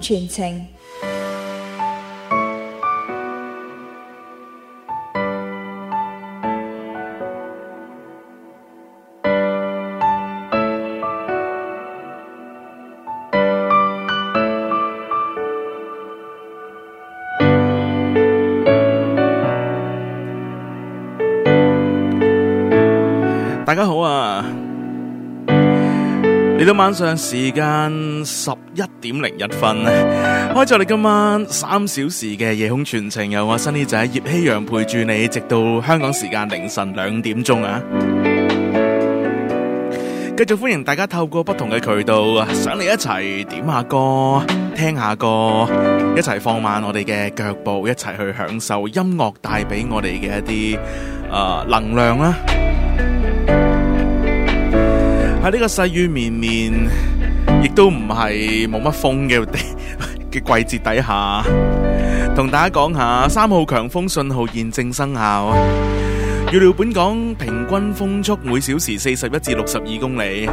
全程。大家好啊，嚟到晚上時間十。一點零一分，開咗你今晚三小時嘅夜空全程，由我 Sunny 仔葉希陽陪住你，直到香港時間凌晨兩點鐘啊！繼續歡迎大家透過不同嘅渠道，上嚟一齊點下歌，聽下歌，一齊放慢我哋嘅腳步，一齊去享受音樂帶俾我哋嘅一啲、呃、能量啦！喺呢個細雨綿綿。亦都唔係冇乜風嘅嘅季節底下，同大家講下三號強風信號現正生效。預料本港平均風速每小時四十一至六十二公里。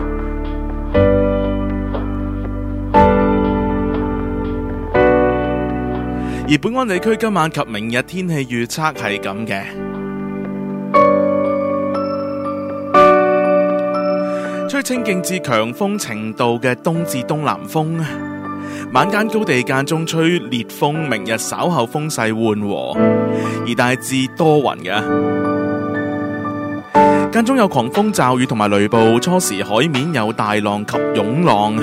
而本安地區今晚及明日天氣預測係咁嘅。吹清勁至強風程度嘅東至東南風，晚間高地間中吹烈風，明日稍後風勢緩和，而大致多雲嘅，間中有狂風驟雨同埋雷暴，初時海面有大浪及湧浪，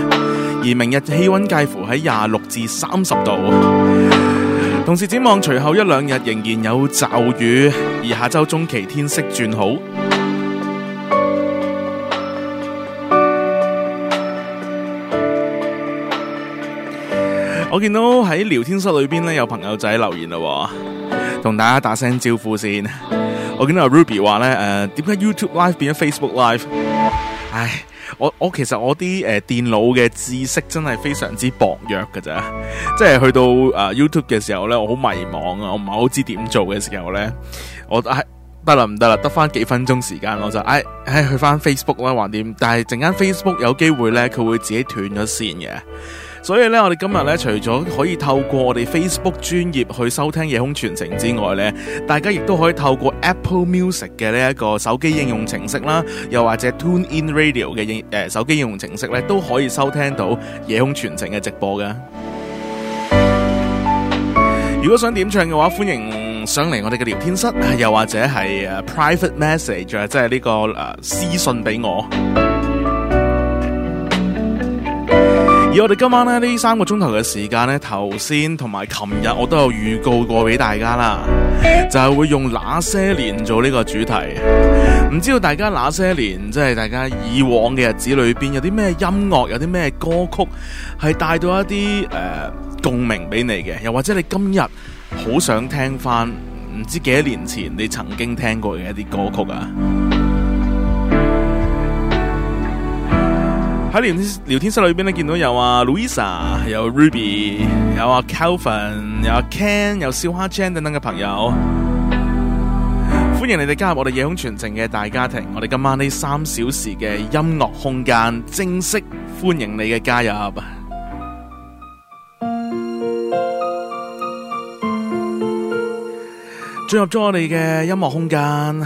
而明日氣溫介乎喺廿六至三十度，同時展望隨後一兩日仍然有驟雨，而下週中期天色轉好。我見到喺聊天室裏邊咧有朋友仔留言咯、哦，同大家打聲招呼先。我見到阿 Ruby 話咧，誒、呃，點解 YouTube Live 變咗 Facebook Live？唉，我我其實我啲誒、呃、電腦嘅知識真係非常之薄弱嘅咋，即係去到誒、呃、YouTube 嘅時候咧，我好迷茫啊，我唔係好知點做嘅時候咧，我得啦，唔得啦，得翻幾分鐘時間，我就唉唉去翻 Facebook 啦，還掂。但係陣間 Facebook 有機會咧，佢會自己斷咗線嘅。所以咧，我哋今日咧，除咗可以透過我哋 Facebook 專頁去收聽夜空傳情之外咧，大家亦都可以透過 Apple Music 嘅呢一個手機應用程式啦，又或者 Tune In Radio 嘅應誒、呃、手機應用程式咧，都可以收聽到夜空傳情嘅直播嘅。如果想點唱嘅話，歡迎上嚟我哋嘅聊天室，又或者係誒 Private Message，即係呢、這個誒、呃、私信俾我。而我哋今晚呢，呢三個鐘頭嘅時間呢，頭先同埋琴日我都有預告過俾大家啦，就係會用那些年做呢個主題。唔知道大家那些年，即係大家以往嘅日子裏邊，有啲咩音樂，有啲咩歌曲係帶到一啲誒共鳴俾你嘅？又或者你今日好想聽翻唔知幾多年前你曾經聽過嘅一啲歌曲啊？喺聊天室裏邊咧，見到有啊 Louisa，有 Ruby，有阿、啊、Calvin，有阿、啊、Ken，有小哈 Chan 等等嘅朋友，歡迎你哋加入我哋夜空傳情嘅大家庭。我哋今晚呢三小時嘅音樂空間正式歡迎你嘅加入。進入咗我哋嘅音樂空間，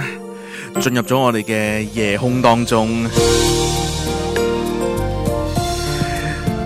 進入咗我哋嘅夜空當中。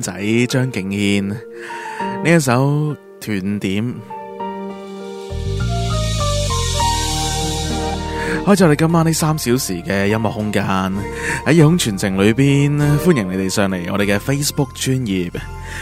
仔張敬軒呢一首斷點，開咗我哋今晚呢三小時嘅音樂空間喺夜空傳情裏邊，歡迎你哋上嚟我哋嘅 Facebook 專頁。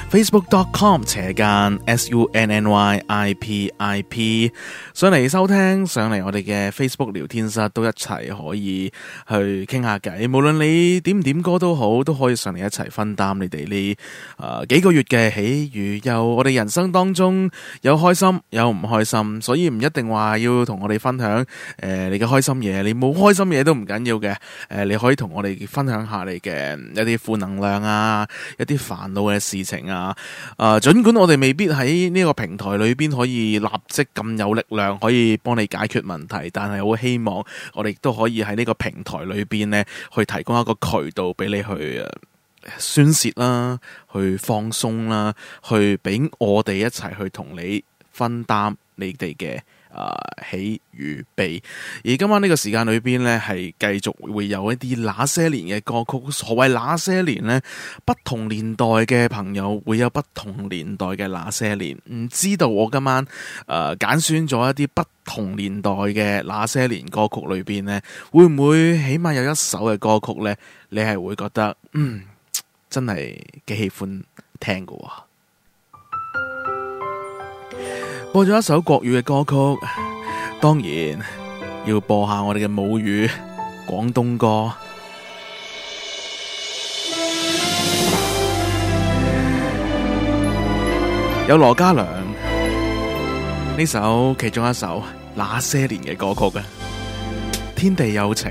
Facebook.com 斜間 SunnyIPIP 上嚟收聽，上嚟我哋嘅 Facebook 聊天室都一齊可以去傾下偈。無論你點唔點歌都好，都可以上嚟一齊分擔你哋呢、呃、幾個月嘅喜與憂。我哋人生當中有開心有唔開心，所以唔一定話要同我哋分享誒、呃、你嘅開心嘢。你冇開心嘢都唔緊要嘅。誒、呃，你可以同我哋分享下你嘅一啲負能量啊，一啲煩惱嘅事情啊。啊！儘管我哋未必喺呢個平台裏邊可以立即咁有力量，可以幫你解決問題，但係好希望我哋都可以喺呢個平台裏邊呢去提供一個渠道俾你去宣洩啦，去放鬆啦，去俾我哋一齊去同你分擔你哋嘅。啊、uh，喜與悲，而今晚呢個時間裏邊呢，係繼續會有一啲那些年嘅歌曲。何謂那些年呢，不同年代嘅朋友會有不同年代嘅那些年。唔知道我今晚誒揀、呃、選咗一啲不同年代嘅那些年歌曲裏邊呢，會唔會起碼有一首嘅歌曲呢？你係會覺得，嗯，真係幾喜歡聽噶？播咗一首國語嘅歌曲，當然要播一下我哋嘅母語廣東歌， 有羅嘉良呢首其中一首《那些年》嘅歌曲嘅，《天地有情》。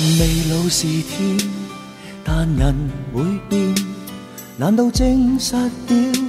未老是天，但人會變，難道證實了？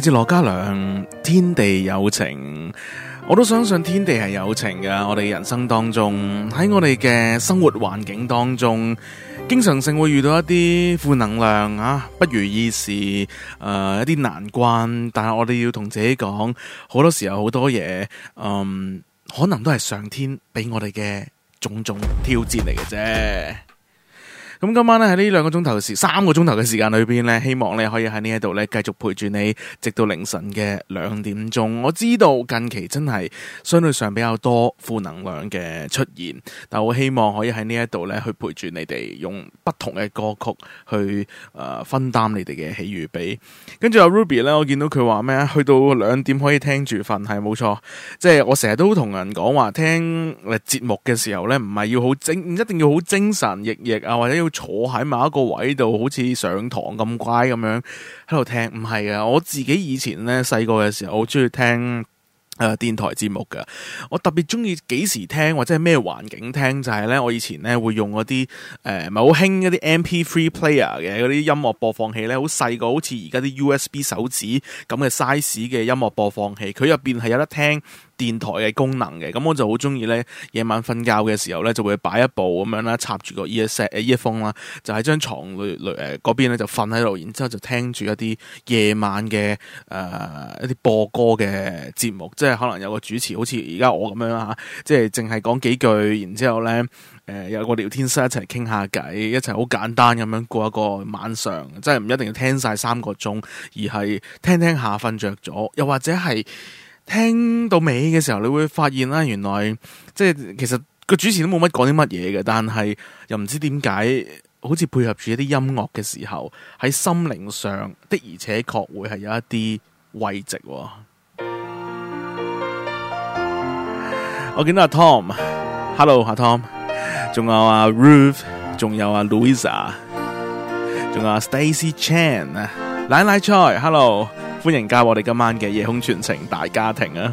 似羅嘉良，天地有情，我都相信天地係有情噶。我哋人生當中，喺我哋嘅生活環境當中，經常性會遇到一啲負能量啊，不如意事，誒、呃，一啲難關。但係我哋要同自己講，好多時候好多嘢，嗯、呃，可能都係上天俾我哋嘅種種挑戰嚟嘅啫。咁今晚咧喺呢兩個鐘頭時，三個鐘頭嘅時間裏邊咧，希望你可以喺呢一度咧繼續陪住你，直到凌晨嘅兩點鐘。我知道近期真係相對上比較多負能量嘅出現，但我希望可以喺呢一度咧去陪住你哋，用不同嘅歌曲去誒、呃、分擔你哋嘅喜與悲。跟住阿 Ruby 咧，我見到佢話咩？去到兩點可以聽住瞓，係冇錯。即係、就是、我成日都同人講話，聽誒節目嘅時候咧，唔係要好精，唔一定要好精神奕奕啊，或者要。坐喺某一個位度，好似上堂咁乖咁樣喺度聽。唔係啊，我自己以前呢細個嘅時候，好中意聽誒、呃、電台節目嘅。我特別中意幾時聽或者係咩環境聽，就係、是、呢，我以前呢會用嗰啲誒咪好興一啲 MP3 player 嘅嗰啲音樂播放器呢好細個，好似而家啲 USB 手指咁嘅 size 嘅音樂播放器，佢入邊係有得聽。電台嘅功能嘅，咁我就好中意咧。夜晚瞓覺嘅時候咧，就會擺一部咁樣啦，插住個 earset 呃 earphone 啦、呃，就喺張牀裏裏嗰邊咧就瞓喺度，然之後就聽住一啲夜晚嘅、呃、一啲播歌嘅節目，即係可能有個主持，好似而家我咁樣嚇、啊，即係淨係講幾句，然之後咧、呃、有個聊天室一齊傾下偈，一齊好簡單咁樣過一個晚上，即係唔一定要聽晒三個鐘，而係聽聽下瞓着咗，又或者係。聽到尾嘅時候，你會發現啦，原來即係其實個主持都冇乜講啲乜嘢嘅，但係又唔知點解，好似配合住一啲音樂嘅時候，喺心靈上的而且確會係有一啲慰藉。我見到阿 Tom，Hello，阿 Tom，仲有阿 Ruth，仲有阿 Louisa，仲有 Stacy Chan，奶奶菜，Hello。歡迎加我哋今晚嘅夜空傳情大家庭啊！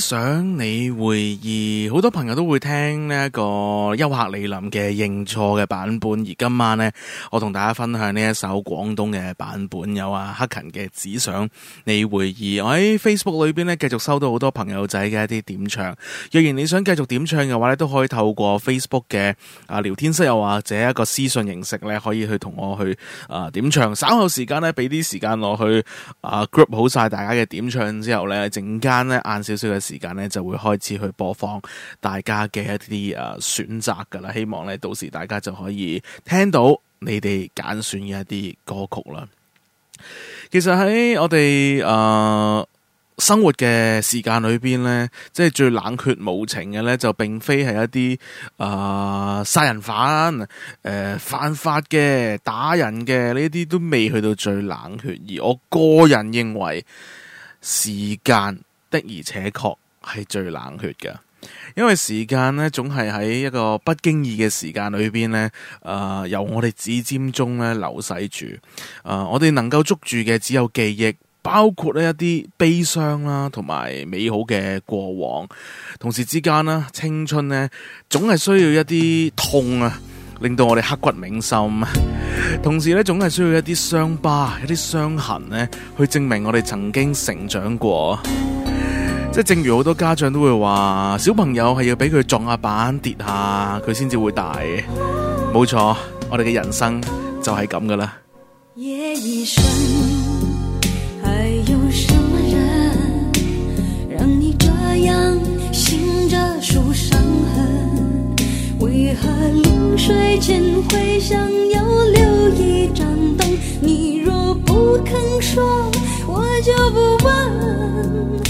想你會意，好多朋友都會聽呢一個優客李林嘅認錯嘅版本。而今晚咧，我同大家分享呢一首廣東嘅版本，有阿、啊、克勤嘅《只想你會意》。我喺 Facebook 裏邊咧，繼續收到好多朋友仔嘅一啲點唱。若然你想繼續點唱嘅話咧，都可以透過 Facebook 嘅啊聊天室，又或者一個私信形式咧，可以去同我去啊、呃、點唱。稍後時間咧，俾啲時間我去啊、呃、group 好晒大家嘅點唱之後咧，陣間咧晏少少嘅。時間咧就會開始去播放大家嘅一啲誒選擇噶啦，希望咧到時大家就可以聽到你哋揀選嘅一啲歌曲啦。其實喺我哋誒、呃、生活嘅時間裏邊咧，即係最冷血無情嘅咧，就並非係一啲誒殺人犯、誒、呃、犯法嘅打人嘅呢啲，都未去到最冷血。而我個人認為，時間的而且確。係最冷血㗎，因為時間呢，總係喺一個不經意嘅時間裏邊呢，誒、呃、由我哋指尖中咧流逝住，誒、呃、我哋能夠捉住嘅只有記憶，包括呢一啲悲傷啦，同埋美好嘅過往。同時之間咧，青春呢，總係需要一啲痛啊，令到我哋刻骨銘心。同時呢，總係需要一啲傷疤、一啲傷痕呢，去證明我哋曾經成長過。正如好多家長都會話，小朋友係要俾佢撞下板、跌下，佢先至會大。冇錯，我哋嘅人生就係咁噶啦。夜已深，還有什麼人讓你這樣醒着數傷痕？為何臨睡前會想要留一盞燈？你若不肯說，我就不問。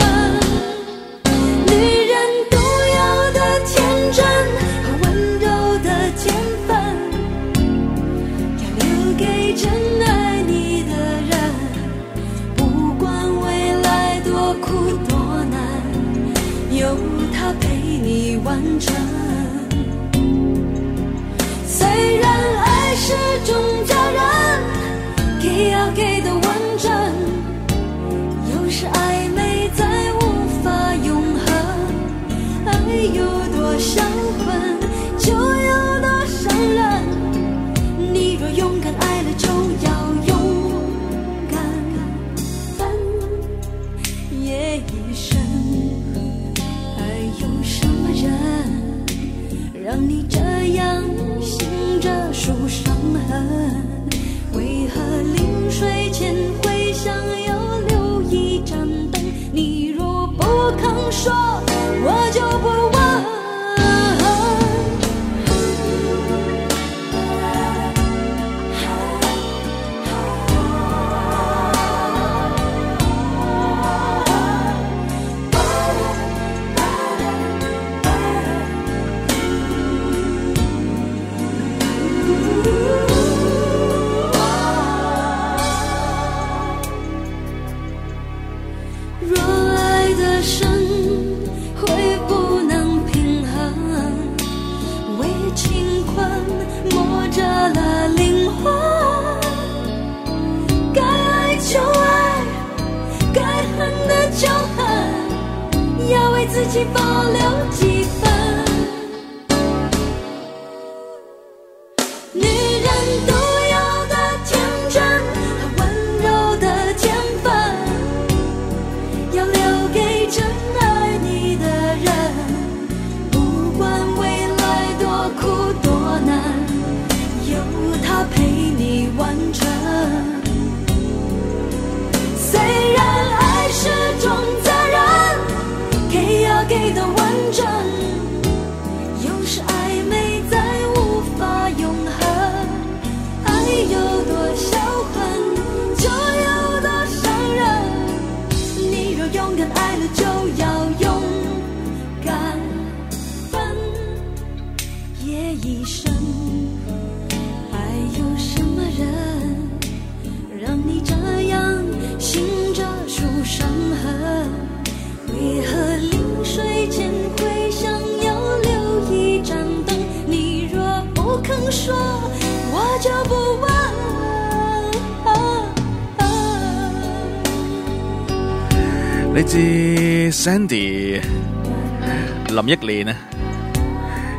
Sandy、嗯、林憶蓮啊，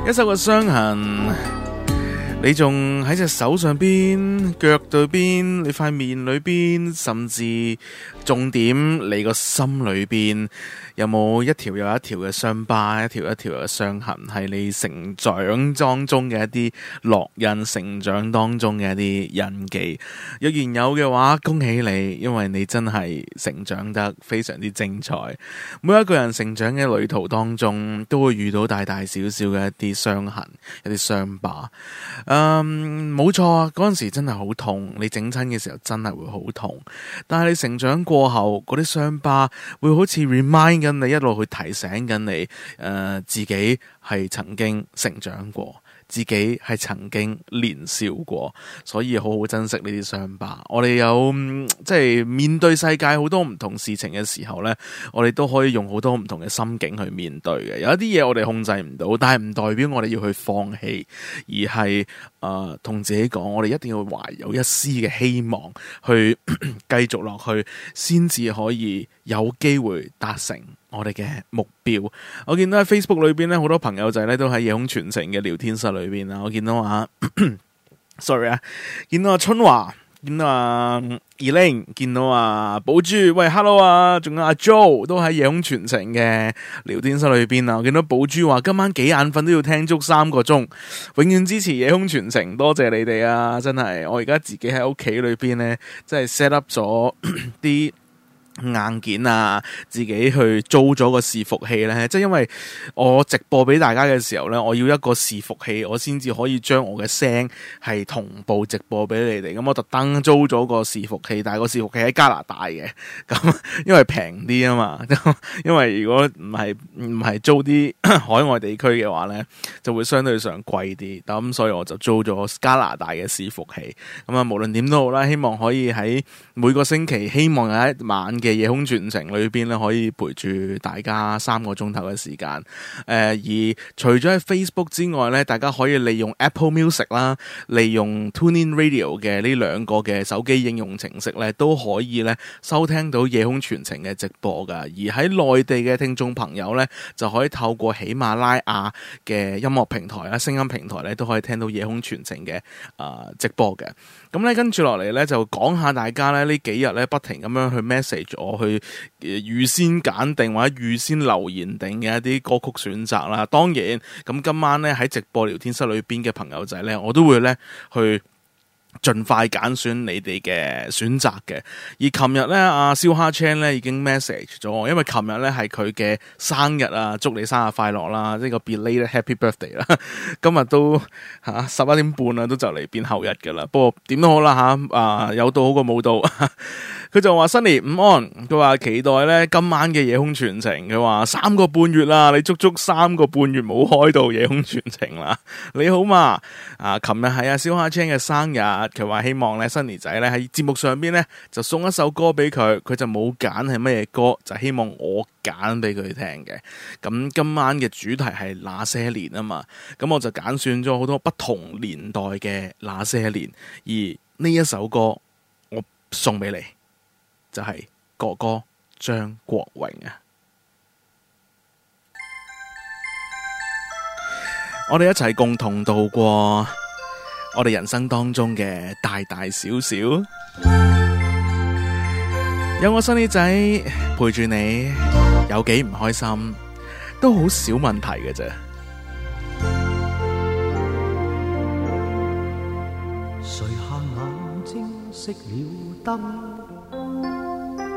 一手個傷痕，你仲喺隻手上邊、腳對邊、你塊面裏邊，甚至。重點，你個心裏邊有冇一條又一條嘅傷疤，一條一條嘅傷痕，係你成長當中嘅一啲烙印，成長當中嘅一啲印記。若然有嘅話，恭喜你，因為你真係成長得非常之精彩。每一個人成長嘅旅途當中，都會遇到大大小小嘅一啲傷痕，一啲傷疤。嗯，冇錯啊，嗰陣時真係好痛，你整親嘅時候真係會好痛，但係你成長。過後啲傷疤會好似 remind 緊你，一路去提醒緊你，誒、呃，自己係曾經成長過。自己係曾經年少過，所以好好珍惜呢啲傷疤。我哋有，即係面對世界好多唔同事情嘅時候呢，我哋都可以用好多唔同嘅心境去面對嘅。有一啲嘢我哋控制唔到，但係唔代表我哋要去放棄，而係啊，同、呃、自己講，我哋一定要懷有一絲嘅希望去 繼續落去，先至可以有機會達成。我哋嘅目標，我見到喺 Facebook 裏邊咧，好多朋友仔咧都喺夜空傳情嘅聊天室裏邊啦，我見到啊 ，sorry 啊，見到阿、啊、春華，見到啊二 l e n g 見到啊寶珠，喂，hello 啊，仲有阿、啊、Joe 都喺夜空傳情嘅聊天室裏邊啊。我見到寶珠話今晚幾眼瞓都要聽足三個鐘，永遠支持夜空傳情，多謝你哋啊！真係，我而家自己喺屋企裏邊咧，真係 set up 咗啲。 硬件啊，自己去租咗個伺服器咧，即係因為我直播俾大家嘅時候咧，我要一個伺服器，我先至可以將我嘅聲係同步直播俾你哋。咁、嗯、我特登租咗個伺服器，但係個伺服器喺加拿大嘅，咁、嗯、因為平啲啊嘛、嗯。因為如果唔係唔係租啲海外地區嘅話咧，就會相對上貴啲。咁、嗯、所以我就租咗加拿大嘅伺服器。咁、嗯、啊，無論點都好啦，希望可以喺每個星期，希望有一晚，嘅夜空傳情裏面咧，可以陪住大家三個鐘頭嘅時間。誒、呃，而除咗喺 Facebook 之外咧，大家可以利用 Apple Music 啦，利用 TuneIn Radio 嘅呢兩個嘅手機應用程式咧，都可以咧收聽到夜空傳情嘅直播㗎。而喺內地嘅聽眾朋友咧，就可以透過喜馬拉雅嘅音樂平台啦，聲音平台咧，都可以聽到夜空傳情嘅啊直播嘅。咁咧跟住落嚟咧就講下大家咧呢幾日咧不停咁樣去 message 我去誒，預先揀定或者預先留言定嘅一啲歌曲選擇啦。當然咁今晚咧喺直播聊天室裏邊嘅朋友仔咧，我都會咧去。盡快揀選你哋嘅選擇嘅，而琴日咧，阿燒蝦 Chen 咧已經 message 咗我，因為琴日咧係佢嘅生日啊，祝你生日快樂啦，呢個 be late happy birthday 啦， 今日都嚇十一點半啦，都就嚟變後日噶啦，不過點都好啦嚇，啊有到好過冇到。 佢就話 Sunny 午安，佢話期待呢今晚嘅夜空傳情。佢話三個半月啦，你足足三個半月冇開到夜空傳情啦。你好嘛？啊，琴日係阿小蝦青嘅生日，佢話希望呢 Sunny 仔呢喺節目上邊呢就送一首歌俾佢，佢就冇揀係乜嘢歌，就希望我揀俾佢聽嘅。咁今晚嘅主題係那些年啊嘛，咁我就揀選咗好多不同年代嘅那些年，而呢一首歌我送俾你。就係、是、哥哥張國榮啊！我哋一齊共同度過我哋人生當中嘅大大小小，有我新女仔陪住你，有幾唔開心都好少問題嘅啫。垂下眼睛，熄了燈。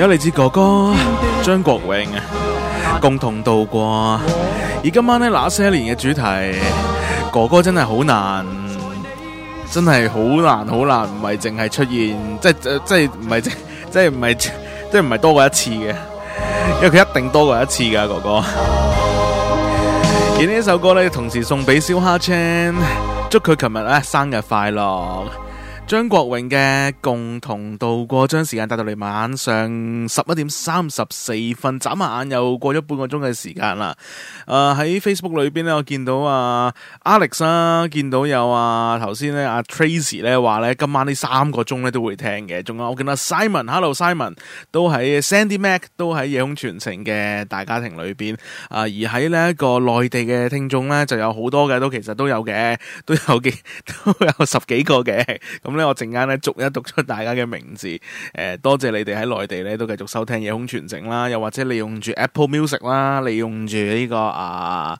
有嚟自哥哥張國榮共同度過，而今晚呢《那些年》嘅主題，哥哥真係好難，真係好難，好難，唔係淨係出現，即係即係唔係即係唔係即係唔係多過一次嘅。因為佢一定多過一次噶，哥哥。 而呢首歌咧，同時送俾燒蝦 Chan，祝佢琴日咧生日快樂。張國榮嘅共同度過，將時間帶到嚟晚上十一點三十四分，眨下眼又過咗半個鐘嘅時間啦。啊、呃、喺 Facebook 裏邊咧，我見到啊 Alex 啊見到有啊，頭先咧阿 Tracy 咧話咧今晚呢三個鐘咧都會聽嘅，仲有我見到 Simon，Hello Simon，都喺 Sandy Mac 都喺夜空傳情嘅大家庭裏邊啊、呃。而喺呢一個內地嘅聽眾咧，就有好多嘅，都其實都有嘅，都有幾 都有十幾個嘅咁咧。 我陣間咧逐一讀出大家嘅名字，誒、呃、多謝你哋喺內地咧都繼續收聽夜空傳情啦，又或者利用住 Apple Music 啦，利用住呢、這個啊。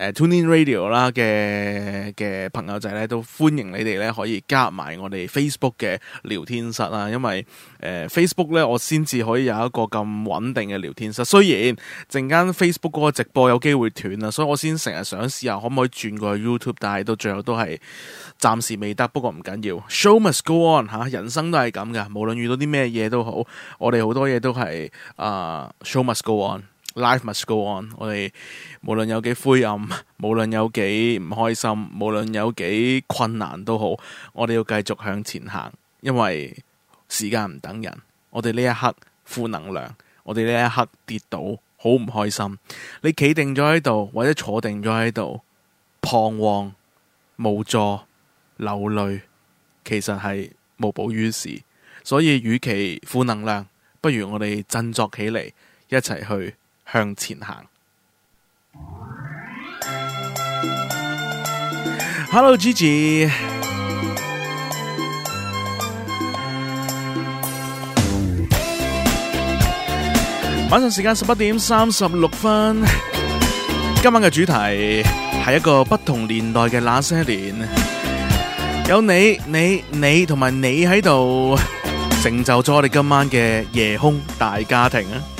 呃、TuneIn Radio 啦嘅嘅朋友仔咧，都歡迎你哋咧可以加埋我哋 Facebook 嘅聊天室啦，因為、呃、Facebook 咧我先至可以有一個咁穩定嘅聊天室。雖然陣間 Facebook 嗰個直播有機會斷啦，所以我先成日想試下可唔可以轉過去 YouTube，但係到最後都係暫時未得。不過唔緊要，Show must go on 吓，人生都係咁噶，無論遇到啲咩嘢都好，我哋好多嘢都係啊、呃、，Show must go on。Life must go on。我哋無論有幾灰暗，無論有幾唔開心，無論有幾困難都好，我哋要繼續向前行，因為時間唔等人。我哋呢一刻負能量，我哋呢一刻跌倒，好唔開心。你企定咗喺度，或者坐定咗喺度，彷徨無助、流淚，其實係無補於事。所以，與其負能量，不如我哋振作起嚟，一齊去。向前行。Hello，Gigi。晚上時間十一點三十六分，今晚嘅主題係一個不同年代嘅那些年，有你、你、你同埋你喺度，成就咗我哋今晚嘅夜空大家庭啊！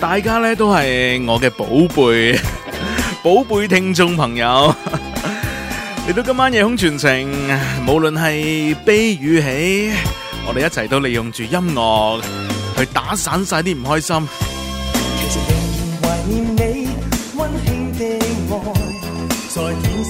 大家呢，都係我嘅寶貝，寶貝聽眾朋友，嚟到今晚夜空傳情，無論係悲與喜，我哋一齊都利用住音樂去打散晒啲唔開心。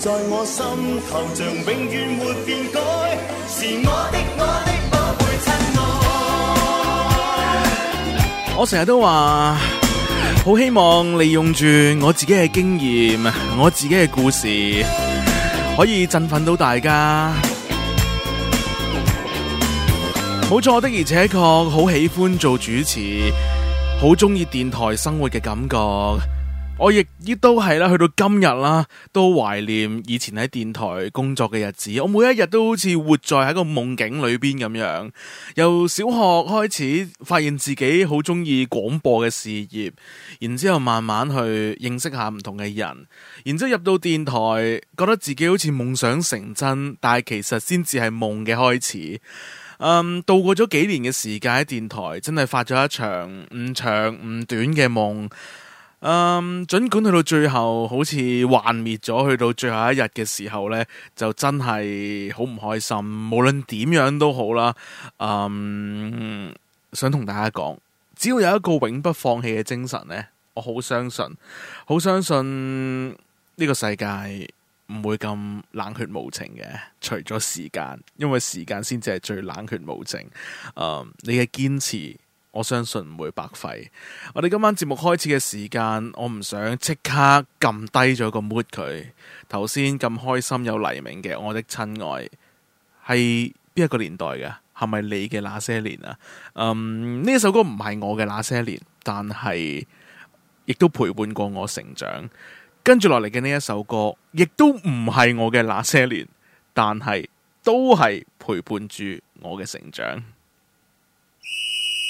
在我心頭像永遠沒變改，是我的我的寶貝。親愛，我成日都話，好希望利用住我自己嘅經驗，我自己嘅故事，可以振奮到大家。冇錯，的而且確好喜歡做主持，好中意電台生活嘅感覺。我亦都係啦，去到今日啦，都懷念以前喺電台工作嘅日子。我每一日都好似活在喺個夢境裏邊咁樣。由小學開始，發現自己好中意廣播嘅事業，然之後慢慢去認識下唔同嘅人，然之後入到電台，覺得自己好似夢想成真，但係其實先至係夢嘅開始。嗯，度過咗幾年嘅時間喺電台，真係發咗一場唔長唔短嘅夢。嗯，盡管去到最後好似幻滅咗，去到最後一日嘅時候呢，就真係好唔開心。無論點樣都好啦，嗯、um，想同大家講，只要有一個永不放棄嘅精神呢，我好相信，好相信呢個世界唔會咁冷血無情嘅。除咗時間，因為時間先至係最冷血無情。嗯、um，你嘅堅持。我相信唔會白費。我哋今晚節目開始嘅時間，我唔想即刻撳低咗個 mood 佢。頭先咁開心有黎明嘅，我的親愛係邊一個年代嘅？係咪你嘅那些年啊？嗯，呢一首歌唔係我嘅那些年，但係亦都陪伴過我成長。跟住落嚟嘅呢一首歌，亦都唔係我嘅那些年，但係都係陪伴住我嘅成長。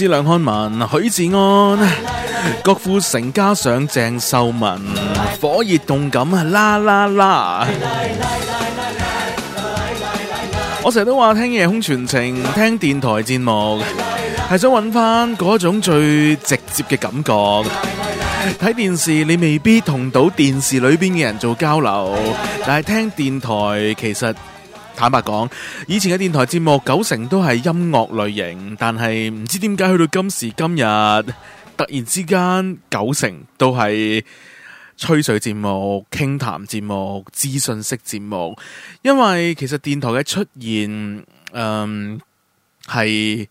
知兩漢文，許志安、郭富城加上鄭秀文，火熱動感啦啦啦！我成日都話聽夜空傳情，聽電台節目係想揾翻嗰種最直接嘅感覺。睇電視你未必同到電視裏邊嘅人做交流，但係聽電台其實。坦白講，以前嘅電台節目九成都係音樂類型，但係唔知點解去到今時今日，突然之間九成都係吹水節目、傾談節目、資訊式節目，因為其實電台嘅出現，誒、嗯、係。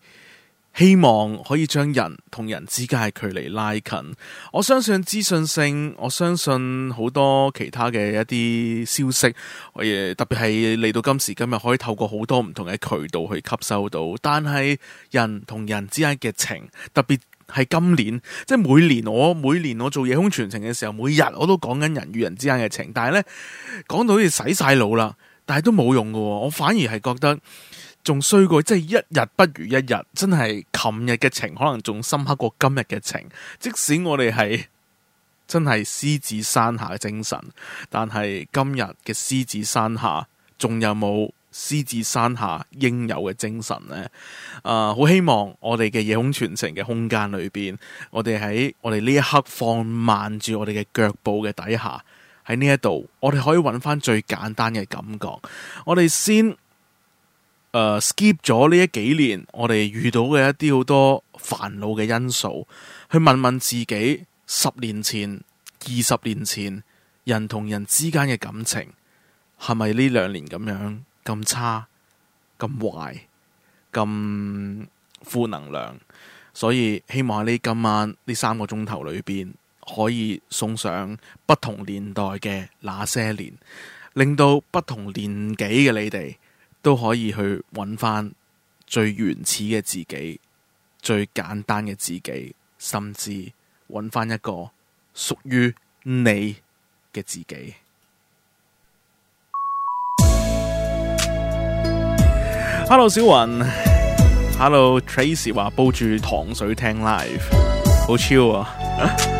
希望可以將人同人之間嘅距離拉近。我相信資訊性，我相信好多其他嘅一啲消息，我特別係嚟到今時今日，可以透過好多唔同嘅渠道去吸收到。但係人同人之間嘅情，特別係今年，即係每年我每年我做夜空傳情嘅時候，每日我都講緊人與人之間嘅情，但係呢，講到好似洗晒腦啦，但係都冇用噶。我反而係覺得。仲衰過，即係一日不如一日，真係。琴日嘅情可能仲深刻過今日嘅情，即使我哋係真係獅子山下嘅精神，但係今日嘅獅子山下，仲有冇獅子山下應有嘅精神呢？啊、呃，好希望我哋嘅夜空全程嘅空間裏邊，我哋喺我哋呢一刻放慢住我哋嘅腳步嘅底下，喺呢一度，我哋可以揾翻最簡單嘅感覺，我哋先。誒、uh，skip 咗呢一幾年，我哋遇到嘅一啲好多煩惱嘅因素，去問問自己，十年前、二十年前，人同人之間嘅感情係咪呢兩年咁樣咁差、咁壞、咁負能量？所以希望你今晚呢三個鐘頭裏邊，可以送上不同年代嘅那些年，令到不同年紀嘅你哋，都可以去揾翻最原始嘅自己，最簡單嘅自己，甚至揾翻一個屬於你嘅自己。Hello 小云，Hello Trace 話煲住糖水聽 live，好超啊！啊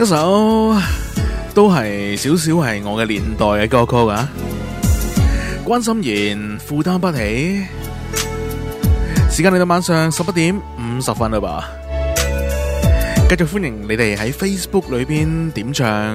一首都係少少係我嘅年代嘅歌曲啊！關心妍，負擔不起。時間嚟到晚上十一點五十分啦吧？繼續歡迎你哋喺 Facebook 裏邊點唱。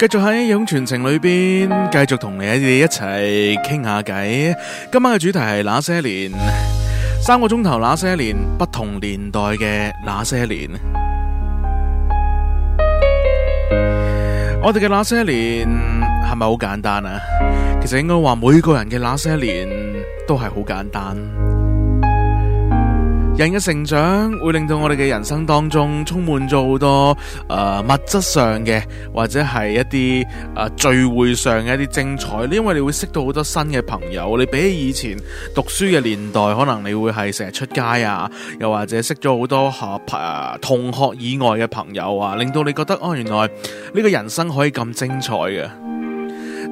繼續喺《夜空傳情》裏邊，繼續同你哋一齊傾下偈。今晚嘅主題係那些年，三個鐘頭那些年，不同年代嘅那些年。 我哋嘅那些年係咪好簡單啊？其實應該話，每個人嘅那些年都係好簡單。人嘅成長會令到我哋嘅人生當中充滿咗好多誒、呃、物質上嘅，或者係一啲誒、呃、聚會上嘅一啲精彩。因為你會識到好多新嘅朋友，你比起以前讀書嘅年代，可能你會係成日出街啊，又或者識咗好多合、啊、同學以外嘅朋友啊，令到你覺得哦、啊，原來呢個人生可以咁精彩嘅。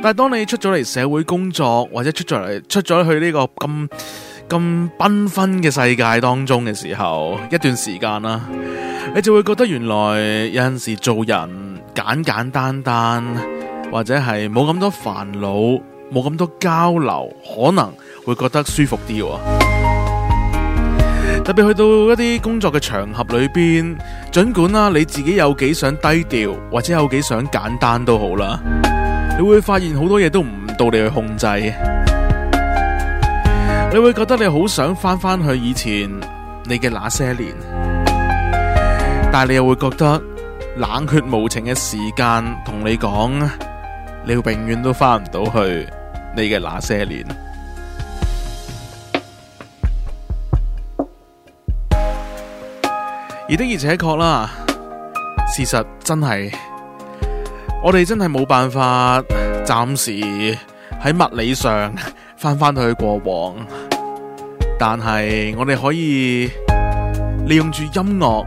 但係當你出咗嚟社會工作，或者出咗嚟出咗去呢個咁。咁繽紛嘅世界當中嘅時候，一段時間啦，你就會覺得原來有陣時做人簡簡單單，或者係冇咁多煩惱，冇咁多交流，可能會覺得舒服啲喎。特別去到一啲工作嘅場合裏邊，盡管啦，你自己有幾想低調，或者有幾想簡單都好啦，你會發現好多嘢都唔到你去控制。你會覺得你好想翻翻去以前你嘅那些年，但係你又會覺得冷血無情嘅時間同你講，你永遠都翻唔到去你嘅那些年。而的而且確啦，事實真係，我哋真係冇辦法暫時喺物理上。翻翻去過往，但係我哋可以利用住音樂，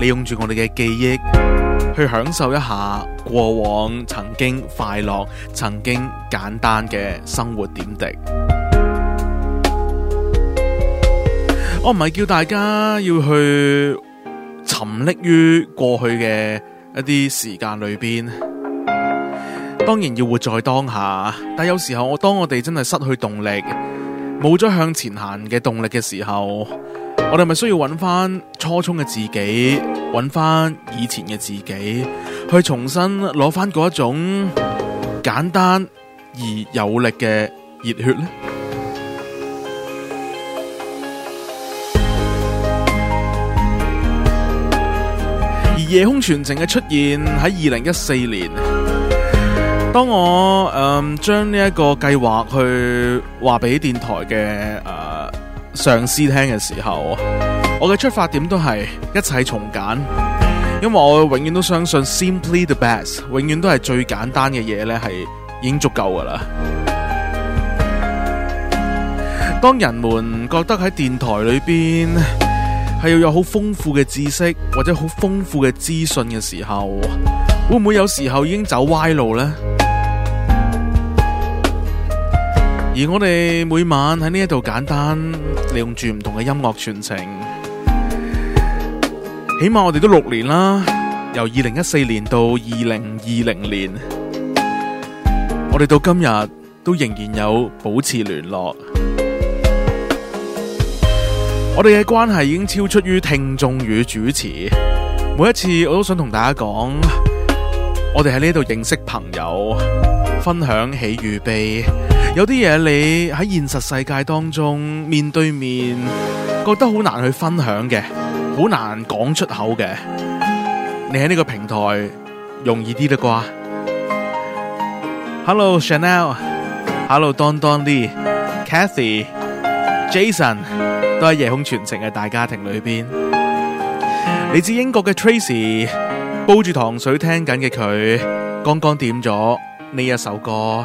利用住我哋嘅記憶，去享受一下過往曾經快樂，曾經簡單嘅生活點滴。我唔係叫大家要去沉溺於過去嘅一啲時間裏邊。當然要活在當下，但有時候我當我哋真係失去動力，冇咗向前行嘅動力嘅時候，我哋咪需要揾翻初衷嘅自己，揾翻以前嘅自己，去重新攞翻嗰一種簡單而有力嘅熱血呢？而夜空傳情嘅出現喺二零一四年。當我誒、嗯、將呢一個計劃去話俾電台嘅誒、呃、上司聽嘅時候，我嘅出發點都係一切從簡，因為我永遠都相信 simply the best，永遠都係最簡單嘅嘢呢係已經足夠噶啦。當人們覺得喺電台裏邊係要有好豐富嘅知識或者好豐富嘅資訊嘅時候，會唔會有時候已經走歪路呢？而我哋每晚喺呢一度簡單利用住唔同嘅音樂傳情，起碼我哋都六年啦，由二零一四年到二零二零年，我哋到今日都仍然有保持聯絡。我哋嘅關係已經超出於聽眾與主持。每一次我都想同大家講，我哋喺呢度認識朋友，分享喜與悲。有啲嘢你喺現實世界當中面對面覺得好難去分享嘅，好難講出口嘅，你喺呢個平台容易啲得啩。Hello Chanel，Hello Don Don Lee，Cathy，Jason，都喺夜空傳情嘅大家庭裏邊。嚟自英國嘅 Tracy 煲住糖水聽緊嘅佢，剛剛點咗呢一首歌。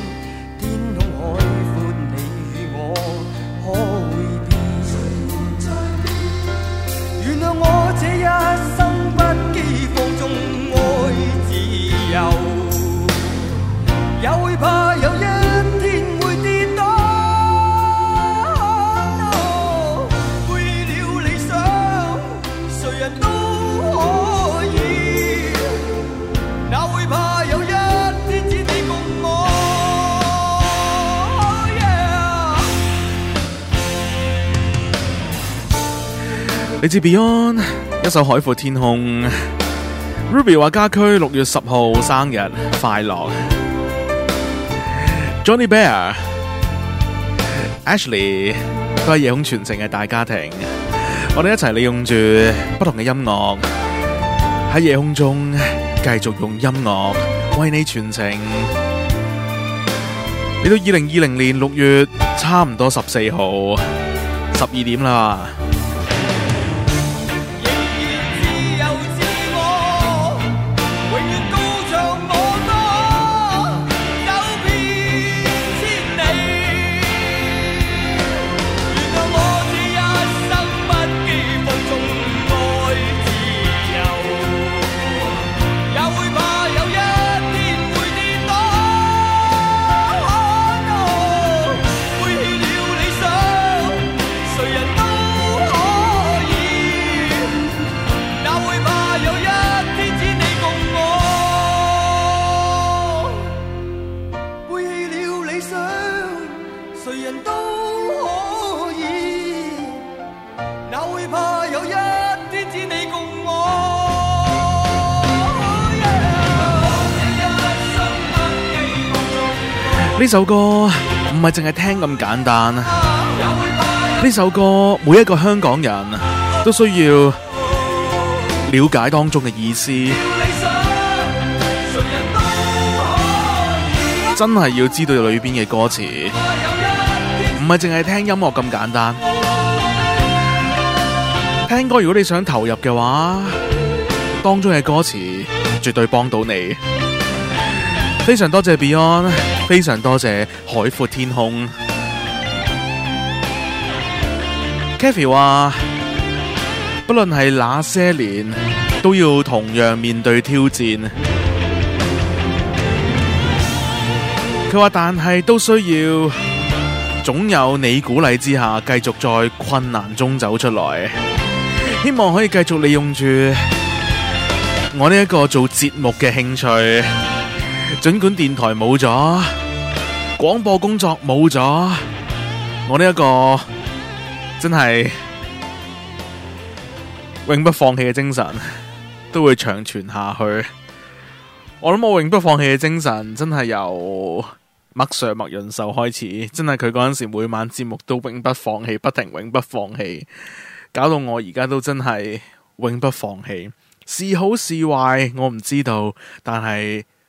嚟自 Beyond 一首《海闊天空》Ruby。Ruby 話：家駒六月十號生日快樂。Johnny Bear、Ashley 都係夜空傳情嘅大家庭。我哋一齊利用住不同嘅音樂喺夜空中，繼續用音樂為你傳情。嚟到二零二零年六月差唔多十四號十二點啦。呢首歌唔係淨係聽咁簡單，呢首歌每一個香港人都需要、哦、了解當中嘅意思，真係要知道裏邊嘅歌詞，唔係淨係聽音樂咁簡單。哦、聽歌如果你想投入嘅話，當中嘅歌詞絕對幫到你。非常多謝 Beyond，非常多謝海闊天空。Kathy 話：不論係那些年，都要同樣面對挑戰。佢話：但係都需要，總有你鼓勵之下，繼續在困難中走出來。希望可以繼續利用住我呢一個做節目嘅興趣。盡管電台冇咗，廣播工作冇咗，我呢、這、一個真係永不放棄嘅精神都會長存下去。我諗我永不放棄嘅精神真係由麥 Sir、麥潤壽開始，真係佢嗰陣時每晚節目都永不放棄，不停永不放棄，搞到我而家都真係永不放棄。是好是壞我唔知道，但係。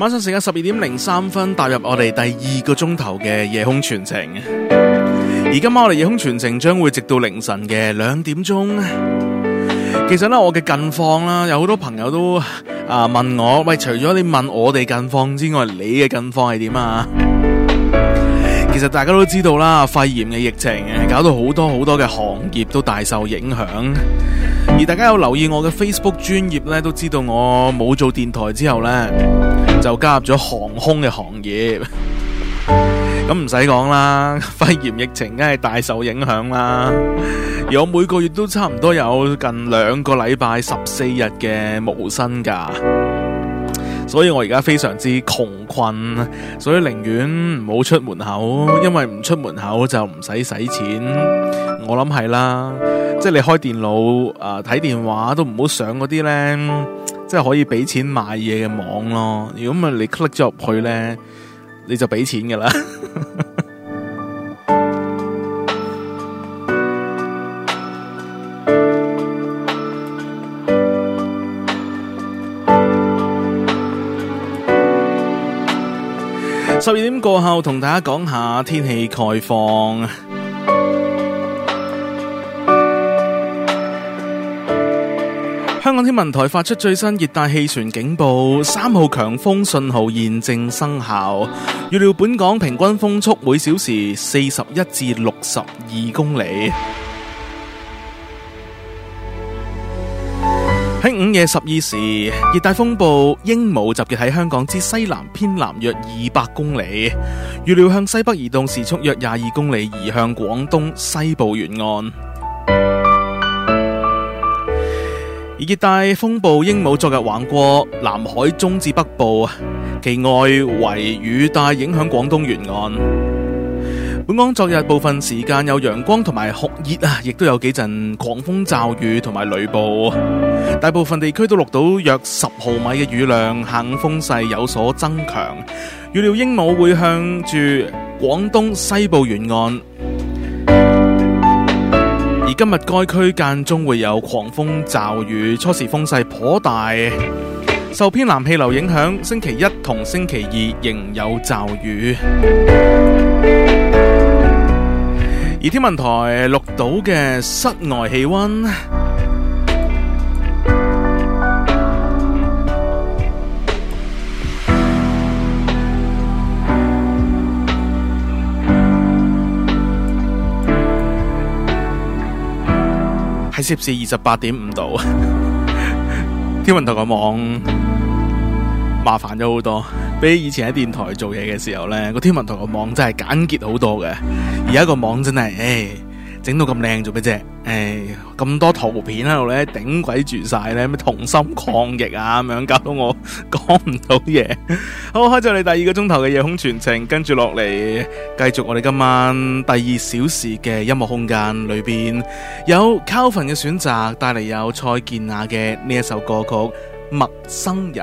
晚上時間十二點零三分，踏入我哋第二個鐘頭嘅夜空傳情。而今晚我哋夜空傳情將會直到凌晨嘅兩點鐘。其實呢，我嘅近況啦，有好多朋友都啊問我，喂，除咗你問我哋近況之外，你嘅近況係點啊？其實大家都知道啦，肺炎嘅疫情搞到好多好多嘅行業都大受影響。而大家有留意我嘅 Facebook 專頁咧，都知道我冇做電台之後咧，就加入咗航空嘅行業。咁唔使講啦，肺炎疫情梗係大受影響啦。而我每個月都差唔多有近兩個禮拜十四日嘅無薪假，所以我而家非常之窮困，所以寧願唔好出門口，因為唔出門口就唔使使錢。我諗係啦。即係你開電腦啊，睇、呃、電話都唔好上嗰啲咧，即係可以俾錢買嘢嘅網咯。如果唔係你 click 咗入去咧，你就俾錢噶啦。十 二點過後，同大家講下天氣概況。香港天文台發出最新熱帶氣旋警報，三號強風信號現正生效。預料本港平均風速每小時四十一至六十二公里。喺午夜十二時，熱帶風暴鸚鵡集結喺香港之西南偏南約二百公里，預料向西北移動，時速約廿二公里，移向廣東西部沿岸。熱帶風暴鸚鵡昨日橫過南海中至北部，其外圍雨帶影響廣東沿岸。本港昨日部分時間有陽光同埋酷熱啊，亦都有幾陣狂風驟雨同埋雷暴。大部分地區都錄到約十毫米嘅雨量，下午風勢有所增強。預料鸚鵡會向住廣東西部沿岸。今日該區間中會有狂風驟雨，初時風勢頗大，受偏南氣流影響，星期一同星期二仍有驟雨。而天文台錄到嘅室外氣温。攝氏二十八點五度，天文台個網麻煩咗好多，比起以前喺電台做嘢嘅時候，呢個天文台個網真係簡潔好多嘅，而家個網真係，誒。整到咁靚做咩啫？誒，咁、哎、多圖片喺度咧，頂鬼住晒咧，咩同心抗疫啊咁樣，搞到我講唔到嘢。好，開咗你第二個鐘頭嘅夜空全程，跟住落嚟繼續我哋今晚第二小時嘅音樂空間裏邊，有 Calvin 嘅選擇帶嚟，有蔡健雅嘅呢一首歌曲《陌生人》。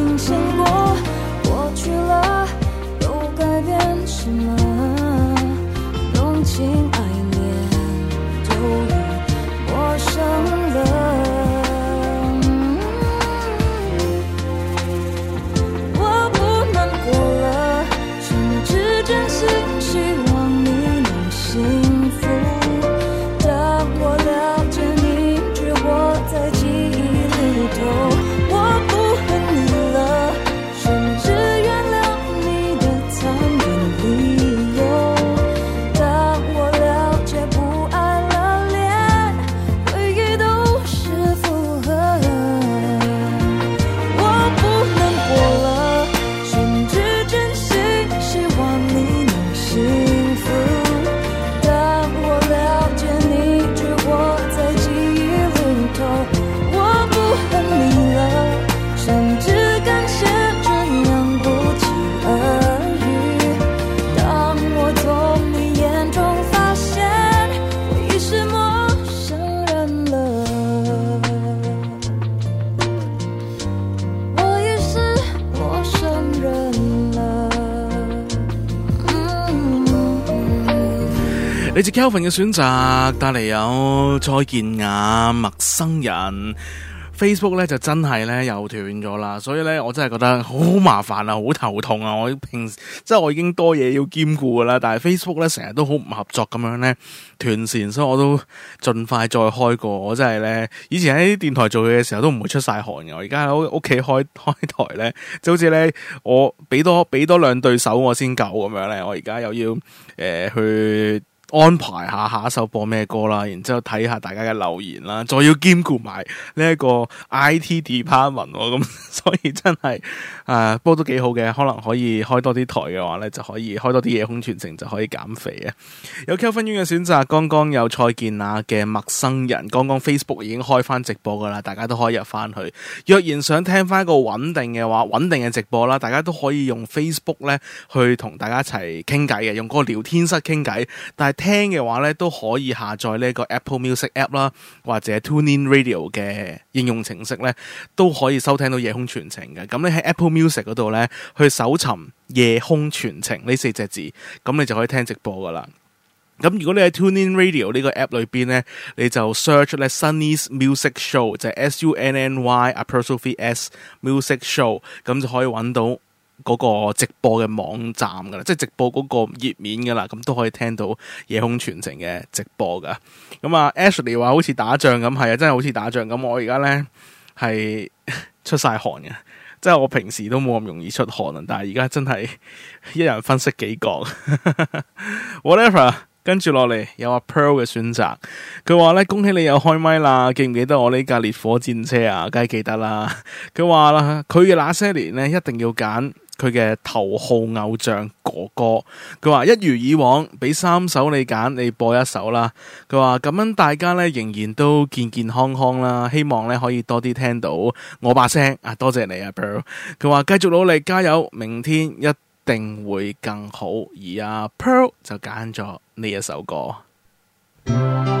Calvin 嘅選擇帶嚟有再見啊，陌生人。Facebook 咧就真係咧又斷咗啦，所以咧我真係覺得好麻煩啊，好頭痛啊！我平時即係我已經多嘢要兼顧噶啦，但係 Facebook 咧成日都好唔合作咁樣咧斷線，所以我都盡快再開過。我真係咧以前喺電台做嘢嘅時候都唔會出晒汗嘅，我而家喺屋屋企開開台咧，就好似咧我俾多俾多兩對手我先夠咁樣咧，我而家又要誒、呃、去。安排一下下一首播咩歌啦，然之後睇下大家嘅留言啦，再要兼顧埋呢一個 I T department，咁所以真係。啊，播都幾好嘅，可能可以開多啲台嘅話呢，就可以開多啲夜空全程，就可以減肥啊！有 Q 分院嘅選擇，剛剛有蔡健雅嘅陌生人，剛剛 Facebook 已經開翻直播噶啦，大家都可以入翻去。若然想聽翻一個穩定嘅話，穩定嘅直播啦，大家都可以用 Facebook 呢去同大家一齊傾偈嘅，用嗰個聊天室傾偈。但係聽嘅話呢，都可以下載呢個 Apple Music App 啦，或者 Tune In Radio 嘅應用程式呢，都可以收聽到夜空全程嘅。咁你喺 Apple Music。music 度咧，去搜尋夜空傳情呢四隻字，咁你就可以聽直播噶啦。咁如果你喺 TuneIn Radio 呢個 app 裏邊咧，你就 search 咧 Sunny's Music Show，就係 S U N N Y A P R O S F S Music Show，咁就可以搵到嗰個直播嘅網站噶啦，即係直播嗰個頁面噶啦，咁都可以聽到夜空傳情嘅直播噶。咁啊 Ashley 話好似打仗咁，係啊，真係好似打仗咁。我而家咧係出晒汗嘅。即係我平時都冇咁容易出汗，但係而家真係一人分析幾角 Whatever，跟住落嚟有阿 Pearl 嘅選擇，佢話咧恭喜你又開咪啦，記唔記得我呢架烈火戰車啊？梗係記得啦。佢話啦，佢嘅那些年咧一定要揀。佢嘅頭號偶像哥哥，佢話一如以往，俾三首你揀，你播一首啦。佢話咁樣大家咧仍然都健健康康啦，希望咧可以多啲聽到我把聲啊！多謝你啊，Pearl。佢話繼續努力，加油，明天一定會更好。而阿、啊、Pearl 就揀咗呢一首歌。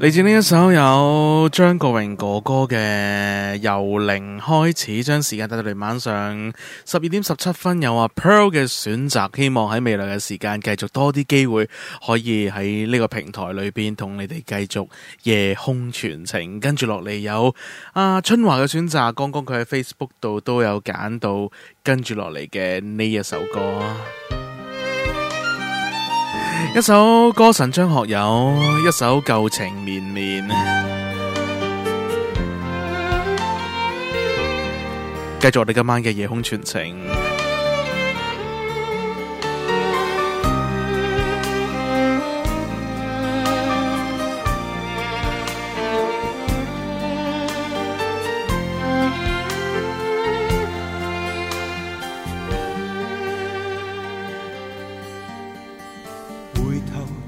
嚟自呢一首有張國榮哥哥嘅由零開始，將時間帶到嚟晚上十二點十七分。有阿 Pearl 嘅選擇，希望喺未來嘅時間繼續多啲機會可以喺呢個平台裏邊同你哋繼續夜空傳情。跟住落嚟有阿、啊、春華嘅選擇，剛剛佢喺 Facebook 度都有揀到跟住落嚟嘅呢一首歌。一首歌神張學友，一首舊情綿綿，繼續我哋今晚嘅夜空傳情。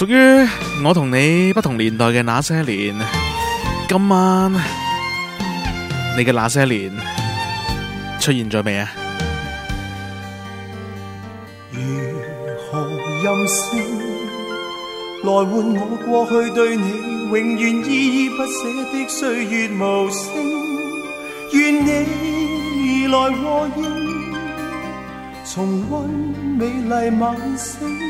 屬於我同你不同年代嘅那些年，今晚你嘅那些年出現咗未啊？如何任性來換我過去對你永遠依依不捨的歲月無聲？願你來和應，重溫美麗晚星。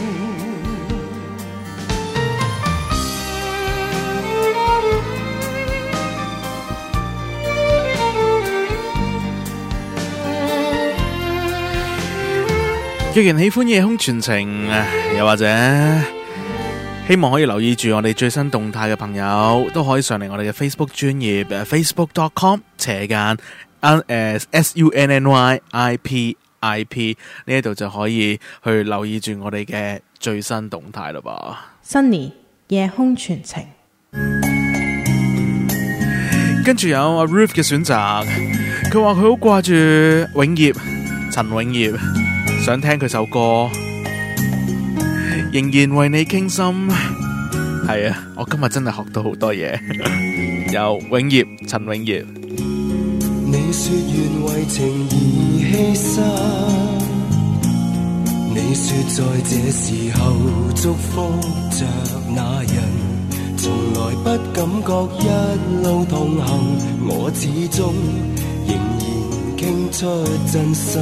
既然喜歡夜空全程，又或者希望可以留意住我哋最新動態嘅朋友，都可以上嚟我哋嘅 Facebook 專頁，facebook.com 斜眼 n、啊、s u n n y i p i p，呢一度就可以去留意住我哋嘅最新動態啦噃。Sunny 夜空全程，跟住有阿 Ruth 嘅選擇，佢話佢好掛住永業，陳永業。想聽佢首歌，仍然為你傾心。係啊，我今日真係學到好多嘢。有 永業，陳永業。你説願為情而犧牲，你説在這時候祝福着那人，從來不感覺一路同行。我始終仍然傾出真心。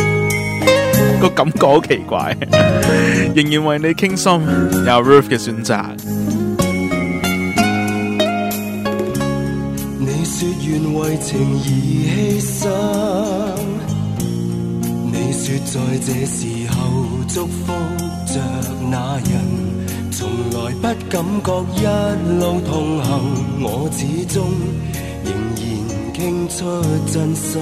那個感覺好奇怪，仍然為你傾心，有 roof 嘅選擇。你說願為情而犧牲，你說在這時候祝福着那人，從來不感覺一路同行，我始終仍然傾出真心。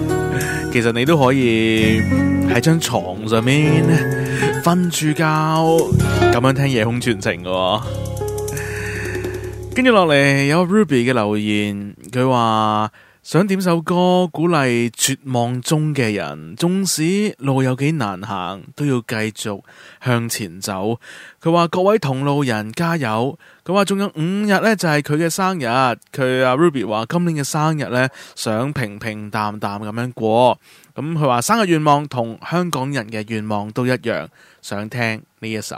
其實你都可以喺張床上面瞓住覺，咁樣聽夜空傳情㗎喎。跟住落嚟有 Ruby 嘅留言，佢話。想點首歌鼓勵絕望中嘅人，縱使路有幾難行，都要繼續向前走。佢話各位同路人加油。佢話仲有五日呢，就係佢嘅生日。佢阿 Ruby 話今年嘅生日呢，想平平淡淡咁樣過。咁佢話生日願望同香港人嘅願望都一樣，想聽呢一首。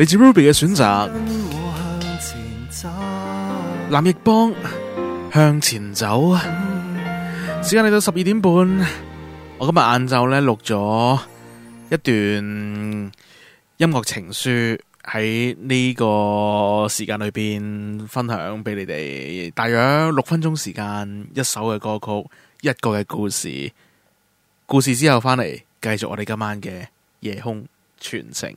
嚟自 Ruby 嘅選擇，藍奕邦《向前走》。向前走，嗯、時間嚟到十二點半，我今日晏晝咧，錄咗一段音樂情書喺呢個時間裏邊分享俾你哋，大約六分鐘時間，一首嘅歌曲，一個嘅故事。故事之後翻嚟，繼續我哋今晚嘅夜空傳情。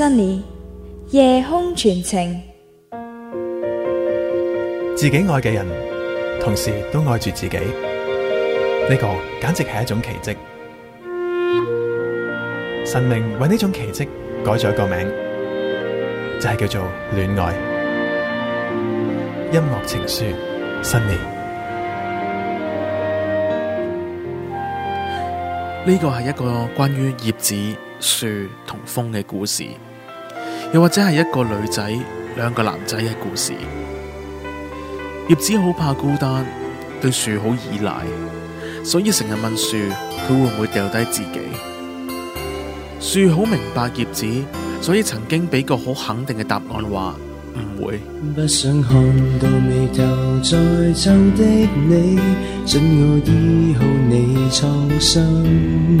Sunny 夜空傳情，自己愛嘅人，同時都愛住自己，呢、這個簡直係一種奇蹟。神明為呢種奇蹟改咗一個名，就係、是、叫做戀愛。音樂情書，Sunny。呢、這個係一個關於葉子、樹同風嘅故事。又或者係一個女仔、兩個男仔嘅故事。葉子好怕孤單，對樹好依賴，所以成日問樹佢會唔會掉低自己。樹好明白葉子，所以曾經俾個好肯定嘅答案話唔會。不想看到眉頭再皺的你，准我醫好你創傷。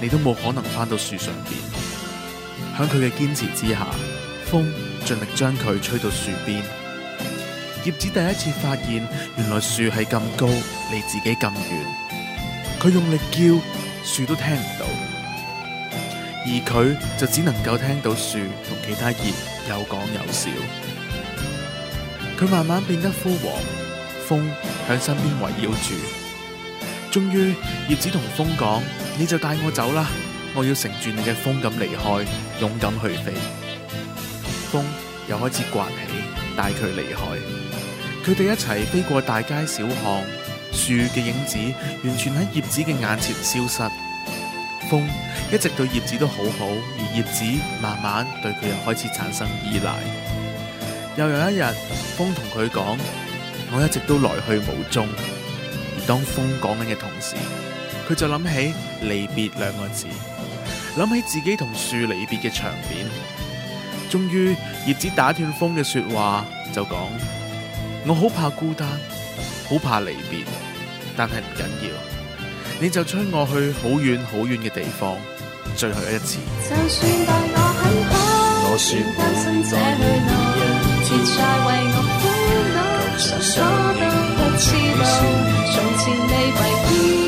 你都冇可能翻到樹上邊。喺佢嘅堅持之下，風盡力將佢吹到樹邊。葉子第一次發現，原來樹係咁高，離自己咁遠。佢用力叫，樹都聽唔到。而佢就只能夠聽到樹同其他葉有講有笑。佢慢慢變得枯黃，風喺身邊圍繞住。終於，葉子同風講。你就帶我走啦！我要乘住你嘅風咁離開，勇敢去飛。風又開始颳起，帶佢離開。佢哋一齊飛過大街小巷，樹嘅影子完全喺葉子嘅眼前消失。風一直對葉子都好好，而葉子慢慢對佢又開始產生依賴。又有一日，風同佢講：我一直都來去無蹤。而當風講緊嘅同時，佢就諗起離別兩個字，諗起自己同樹離別嘅場面，終於葉子打斷風嘅說話就講：我好怕孤單，好怕離別，但係唔緊要，你就吹我去好遠好遠嘅地方，最後一次。就算對我很好，我說心身者去哪？別再為我苦惱，舊傷不治，從前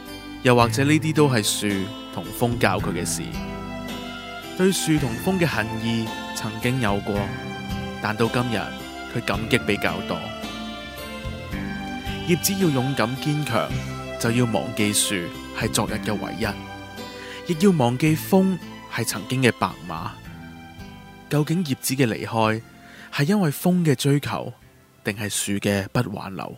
又或者呢啲都係樹同風教佢嘅事，對樹同風嘅恨意曾經有過，但到今日，佢感激比較多。葉子要勇敢堅強，就要忘記樹係昨日嘅唯一，亦要忘記風係曾經嘅白馬。究竟葉子嘅離開係因為風嘅追求，定係樹嘅不挽留？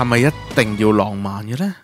係咪一定要浪漫嘅呢？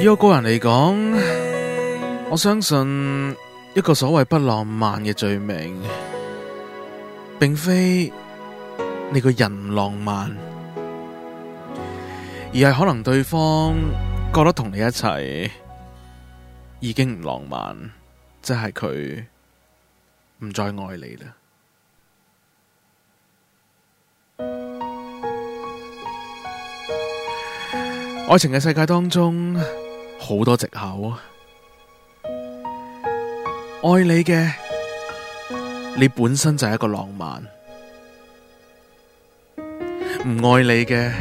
以我個人嚟講，我相信一個所謂不浪漫嘅罪名，並非你個人唔浪漫，而係可能對方覺得同你一齊已經唔浪漫，即係佢唔再愛你啦。愛情嘅世界當中好多借口啊，愛你嘅你本身就係一個浪漫，唔愛你嘅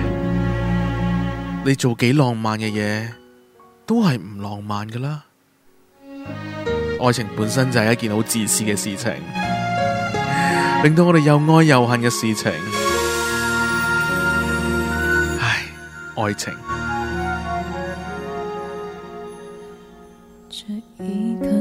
你做幾浪漫嘅嘢，都係唔浪漫噶啦。愛情本身就係一件好自私嘅事情，令到我哋又愛又恨嘅事情，唉，愛情。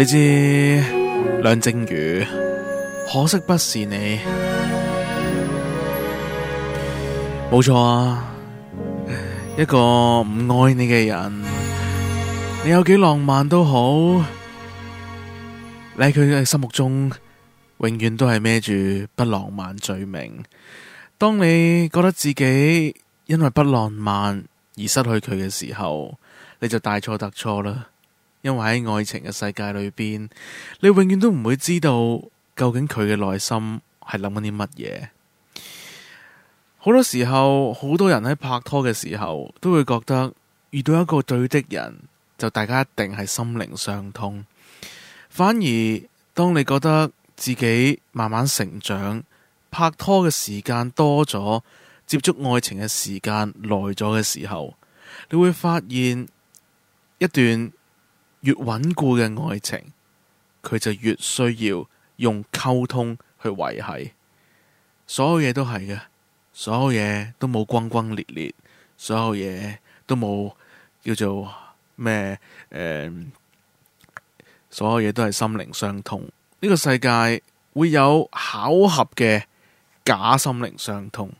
你知梁靜茹，可惜不是你，冇錯啊！一個唔愛你嘅人，你有幾浪漫都好，你喺佢嘅心目中永遠都係孭住不浪漫罪名。當你覺得自己因為不浪漫而失去佢嘅時候，你就大錯特錯啦。因為喺愛情嘅世界裏面，你永遠都唔會知道究竟佢嘅內心係諗緊啲乜嘢。好多時候，好多人喺拍拖嘅時候都會覺得遇到一個對的人，就大家一定係心靈相通。反而當你覺得自己慢慢成長，拍拖嘅時間多咗，接觸愛情嘅時間耐咗嘅時候，你會發現一段。越穩固嘅愛情，佢就越需要用溝通去維繫。所有嘢都係嘅，所有嘢都冇轟轟烈烈，所有嘢都冇叫做咩誒、呃，所有嘢都係心靈相通。呢、這個世界會有巧合嘅假心靈相通，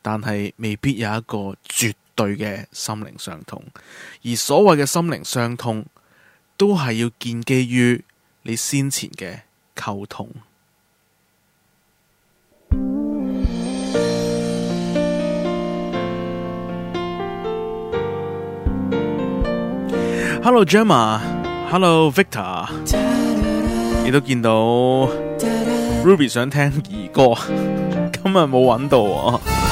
但係未必有一個絕對嘅心靈相通。而所謂嘅心靈相通。都係要建基於你先前嘅溝通。Hello Gemma，Hello Victor，你都見到 Ruby 想聽兒歌，今日冇揾到喎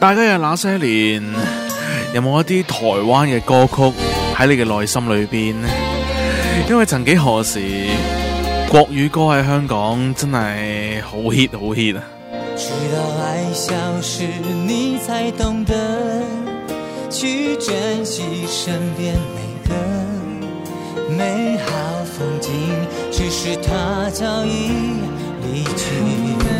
大家有那些年有冇一啲台灣嘅歌曲喺你嘅內心裏邊呢？因為曾幾何時，國語歌喺香港真係好 hit 好 hit 啊！直到愛消失，你才懂得去珍惜身邊每個美好風景，只是它早已離去。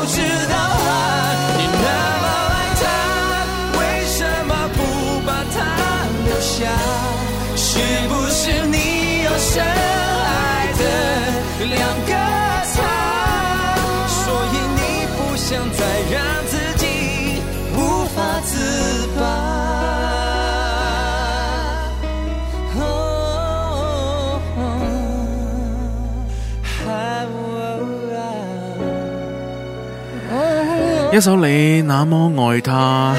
一首你那麼愛他，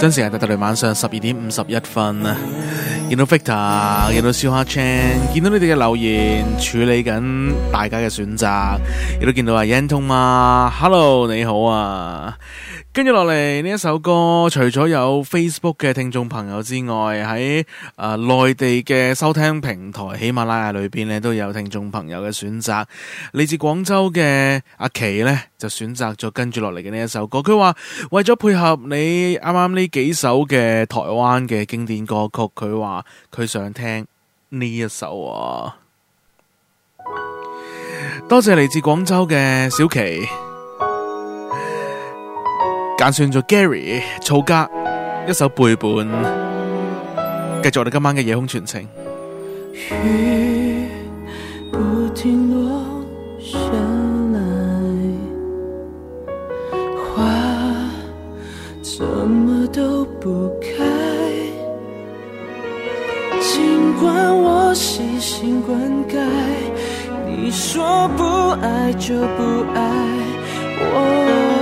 真時係特得嚟，晚上十二點五十一分啊！見到 Victor，見到小蝦 Chan，見到你哋嘅留言，處理緊大家嘅選擇，亦都見到啊，Yan 通啊 Hello 你好啊！跟住落嚟呢一首歌，除咗有 Facebook 嘅聽眾朋友之外，喺呃、內地嘅收聽平台喜馬拉雅裏邊呢都有聽眾朋友嘅選擇。嚟自廣州嘅阿琪呢，就選擇咗跟住落嚟嘅呢一首歌。佢話為咗配合你啱啱呢幾首嘅台灣嘅經典歌曲，佢話佢想聽呢一首啊。多謝嚟自廣州嘅小琪。打算咗 Gary 曹格一首背叛，繼續我哋今晚嘅夜空傳情。雨不停落下來，花怎麼都不開，儘管我細心灌溉，你說不愛就不愛我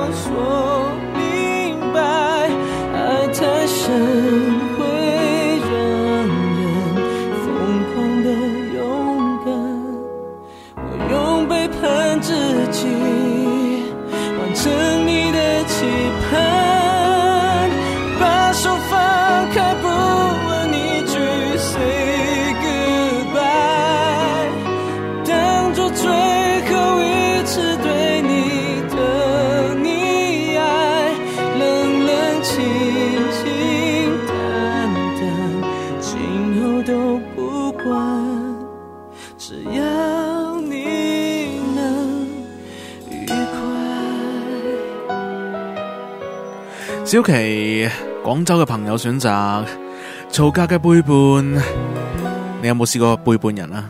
小琪，廣州嘅朋友選擇吵架嘅背叛，你有冇試過背叛人啊？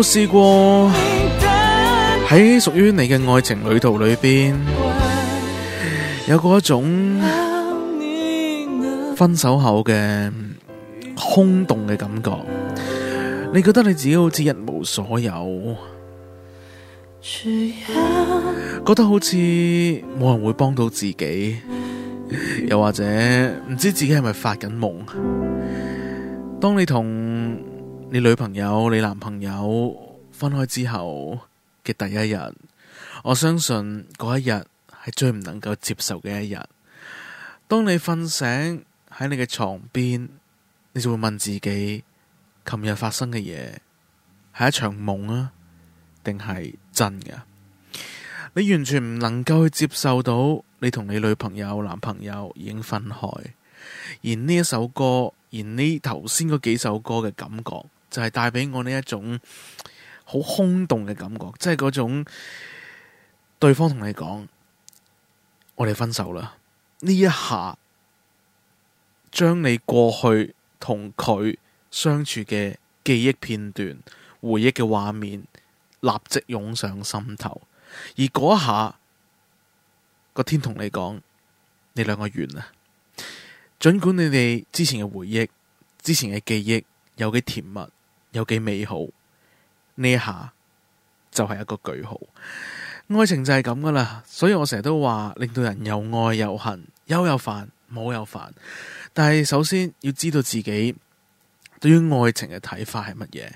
都試過喺屬於你嘅愛情旅途裏邊，有過一種分手後嘅空洞嘅感覺。你覺得你自己好似一無所有，覺得好似冇人會幫到自己，又或者唔知自己係咪發緊夢。當你同……你女朋友、你男朋友分開之後嘅第一日，我相信嗰一日係最唔能夠接受嘅一日。當你瞓醒喺你嘅床邊，你就會問自己：琴日發生嘅嘢係一場夢啊，定係真嘅？你完全唔能夠去接受到你同你女朋友、男朋友已經分開，而呢一首歌，而呢頭先嗰幾首歌嘅感覺。就係帶畀我呢一種好空洞嘅感覺，即係嗰種對方同你講我哋分手啦，呢一下將你過去同佢相處嘅記憶片段、回憶嘅畫面立即湧上心頭，而嗰一下個天同你講你兩個完啦，盡管你哋之前嘅回憶、之前嘅記憶有幾甜蜜。有幾美好？呢下就係一個句號。愛情就係咁噶啦，所以我成日都話，令到人又愛又恨，有又煩，冇又煩，煩。但係首先要知道自己對於愛情嘅睇法係乜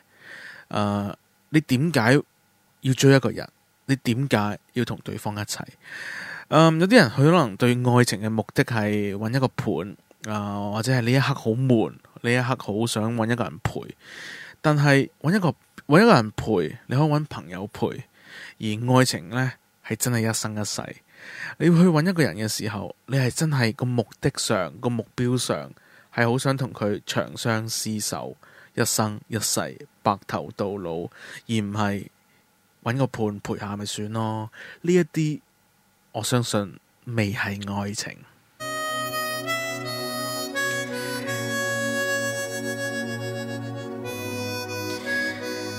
嘢。你點解要追一個人？你點解要同對方一齊，呃？有啲人佢可能對愛情嘅目的係揾一個伴，啊、呃，或者係呢一刻好悶，呢一刻好想揾一個人陪。但係搵一個搵一個人陪，你可以搵朋友陪，而愛情呢，係真係一生一世。你去搵一個人嘅時候，你係真係個目的上個目標上係好想同佢長相廝守，一生一世白頭到老，而唔係搵個伴陪下咪算咯。呢一啲我相信未係愛情。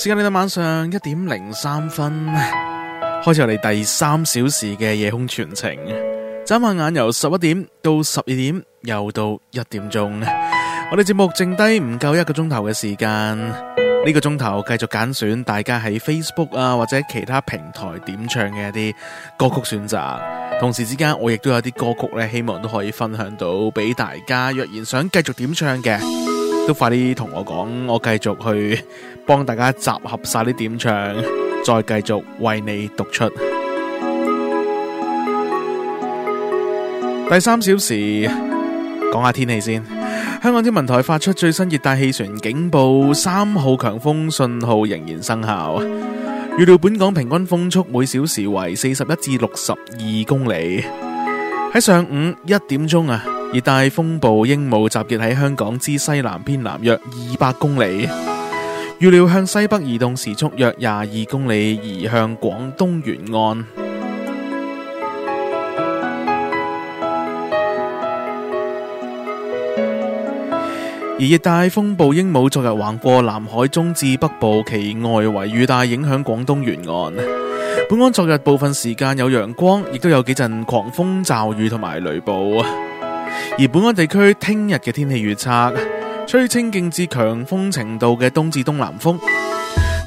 時間嚟到晚上一點零三分，開始我哋第三小時嘅夜空傳情。眨下眼，由十一點到十二點，又到一點鐘。我哋節目剩低唔夠一個鐘頭嘅時間，呢個鐘頭繼續揀選大家喺 Facebook 啊，或者其他平台點唱嘅一啲歌曲選擇。同時之間，我亦都有啲歌曲咧，希望都可以分享到俾大家。若然想繼續點唱嘅，都快啲同我講，我繼續去。幫大家集合晒啲點唱，再繼續為你讀出第三小時。講下天氣先，香港天文台發出最新熱帶氣旋警報，三號強風信號仍然生效。預料本港平均風速每小時為四十一至六十二公里。喺上午一點鐘啊，熱帶風暴鸚鵡集結喺香港之西南偏南約二百公里。預料向西北移動，時速約廿二公里，移向廣東沿岸。而熱帶風暴鸚鵡昨日橫過南海中至北部，其外圍雨帶影響廣東沿岸。本港昨日部分時間有陽光，亦都有幾陣狂風驟雨同埋雷暴。而本港地區聽日嘅天氣預測。吹清勁至強風程度嘅東至東南風，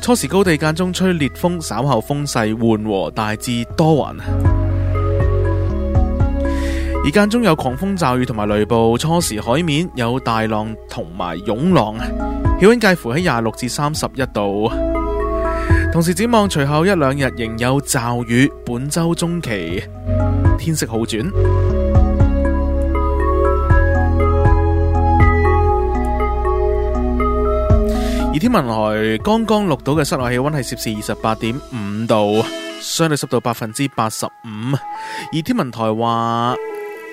初時高地間中吹烈風，稍後風勢緩和，大致多雲。而間中有狂風驟雨同埋雷暴，初時海面有大浪同埋湧浪，氣溫介乎喺廿六至三十一度。同時展望隨後一兩日仍有驟雨，本周中期天色好轉。天文台剛剛錄到嘅室內氣溫係攝氏二十八點五度，相對濕度百分之八十五。而天文台話，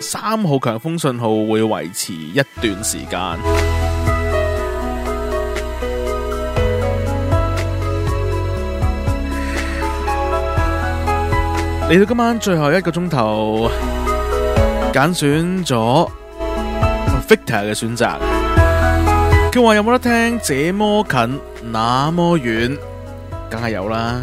三號強風信號會維持一段時間。嚟到今晚最後一個鐘頭，揀選咗 Victor 嘅選擇。佢話有冇得聽？這麼近，那麼遠，梗係有啦。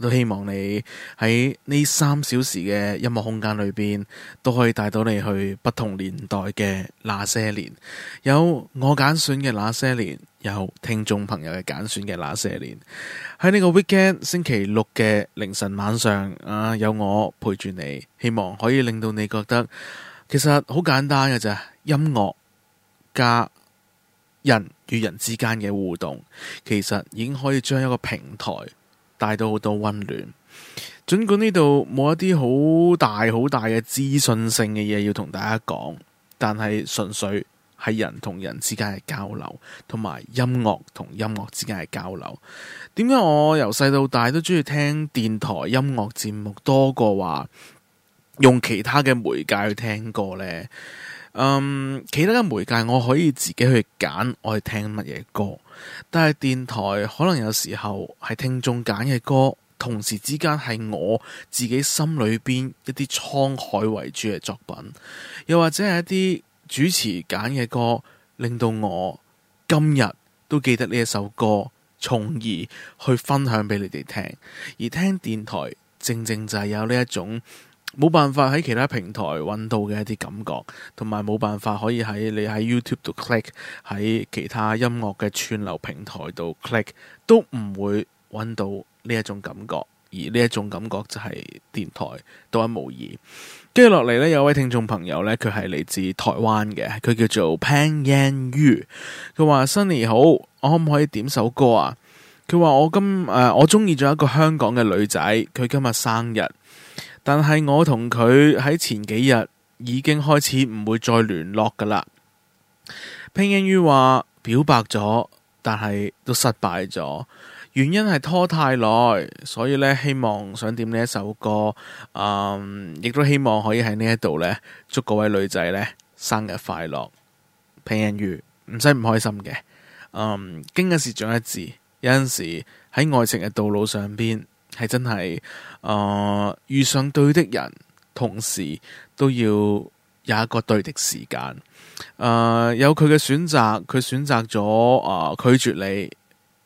都希望你喺呢三小時嘅音樂空間裏邊，都可以帶到你去不同年代嘅那些年，有我揀選嘅那些年，有聽眾朋友嘅揀選嘅那些年。喺呢個 Weekend 星期六嘅凌晨晚上啊，有我陪住你，希望可以令到你覺得其實好簡單嘅啫，音樂加人與人之間嘅互動，其實已經可以將一個平台。帶到好多溫暖，儘管呢度冇一啲好大好大嘅資訊性嘅嘢要同大家講，但係純粹係人同人之間嘅交流，同埋音樂同音樂之間嘅交流。點解我由細到大都鍾意聽電台音樂節目多過話用其他嘅媒介去聽歌咧？嗯，其他嘅媒介我可以自己去揀，我去聽乜嘢歌。但係電台可能有時候係聽眾揀嘅歌，同時之間係我自己心裏邊一啲滄海為主嘅作品，又或者係一啲主持揀嘅歌，令到我今日都記得呢一首歌，從而去分享俾你哋聽。而聽電台正正就係有呢一種。冇辦法喺其他平台揾到嘅一啲感覺，同埋冇辦法可以喺你喺 YouTube 度 click，喺其他音樂嘅串流平台度 click，都唔會揾到呢一種感覺。而呢一種感覺就係電台，都一無二獨一無二。跟住落嚟呢，有位聽眾朋友呢，佢係嚟自台灣嘅，佢叫做潘燕瑜。佢話：Sunny 好，我可唔可以點首歌啊？佢話我今、呃、我中意咗一個香港嘅女仔，佢今日生日。但係我同佢喺前幾日已經開始唔會再聯絡噶啦。拼音於話表白咗，但係都失敗咗，原因係拖太耐，所以呢，希望想點呢一首歌，嗯，亦都希望可以喺呢一度呢祝各位女仔呢生日快樂。拼音於唔使唔開心嘅，嗯，經一時長一智，有陣時喺愛情嘅道路上邊。係真係，誒、呃、遇上對的人，同時都要有一個對的時間。誒、呃、有佢嘅選擇，佢選擇咗誒拒絕你，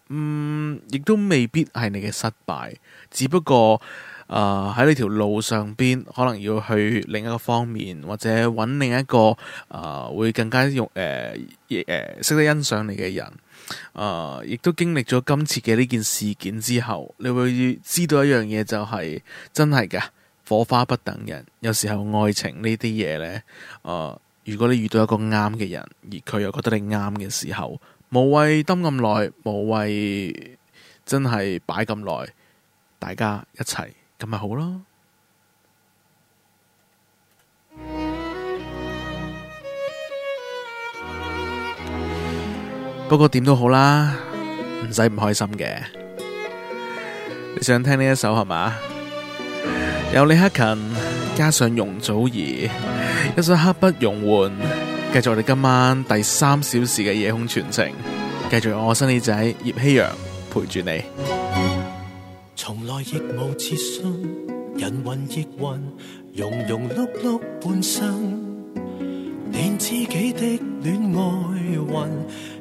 嗯，亦都未必係你嘅失敗，只不過誒喺呢條路上邊，可能要去另一個方面，或者揾另一個誒、呃、會更加用誒誒識得欣賞你嘅人。誒、呃，亦都經歷咗今次嘅呢件事件之後，你會知道一樣嘢就係、是、真係㗎。火花不等人。有時候愛情呢啲嘢呢，誒、呃，如果你遇到一個啱嘅人，而佢又覺得你啱嘅時候，無謂等咁耐，無謂真係擺咁耐，大家一齊咁咪好咯。不過點都好啦，唔使唔開心嘅。你想聽呢一首係嘛？有李克勤加上容祖兒一首《刻不容緩》，繼續我哋今晚第三小時嘅夜空傳情，繼續我 Sunny 仔葉希陽陪住你。從來亦無自信，人云亦云，庸庸碌碌半生，連自己的戀愛運。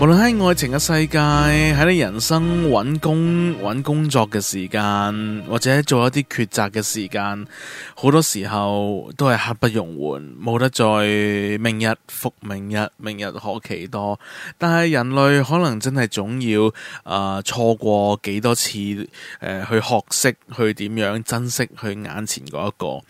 無論喺愛情嘅世界，喺你人生揾工揾工作嘅時間，或者做一啲抉擇嘅時間，好多時候都係刻不容緩，冇得再明日復明日，明日何其多。但係人類可能真係總要啊錯過幾多次誒去學識去點樣珍惜佢眼前嗰一個。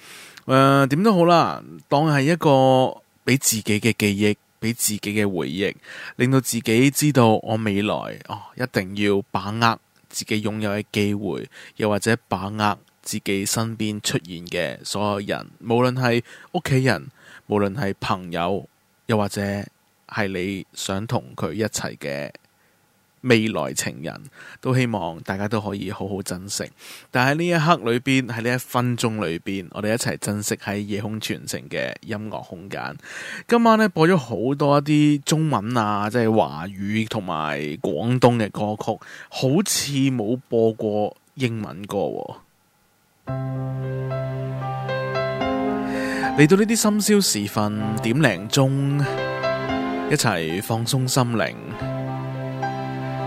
咁點都好啦，當係一個俾自己嘅記憶。俾自己嘅回憶，令到自己知道我未來哦，一定要把握自己擁有嘅機會，又或者把握自己身邊出現嘅所有人，無論係屋企人，無論係朋友，又或者係你想同佢一齊嘅未來情人，都希望大家都可以好好珍惜。但係呢一刻裏邊，喺呢一分鐘裏邊，我哋一齊珍惜喺夜空傳情嘅音樂空間。今晚呢，播咗好多一啲中文啊，即係華語同埋廣東嘅歌曲，好似冇播過英文歌喎。嚟到呢啲深宵時分，點零鐘，一齊放鬆心靈。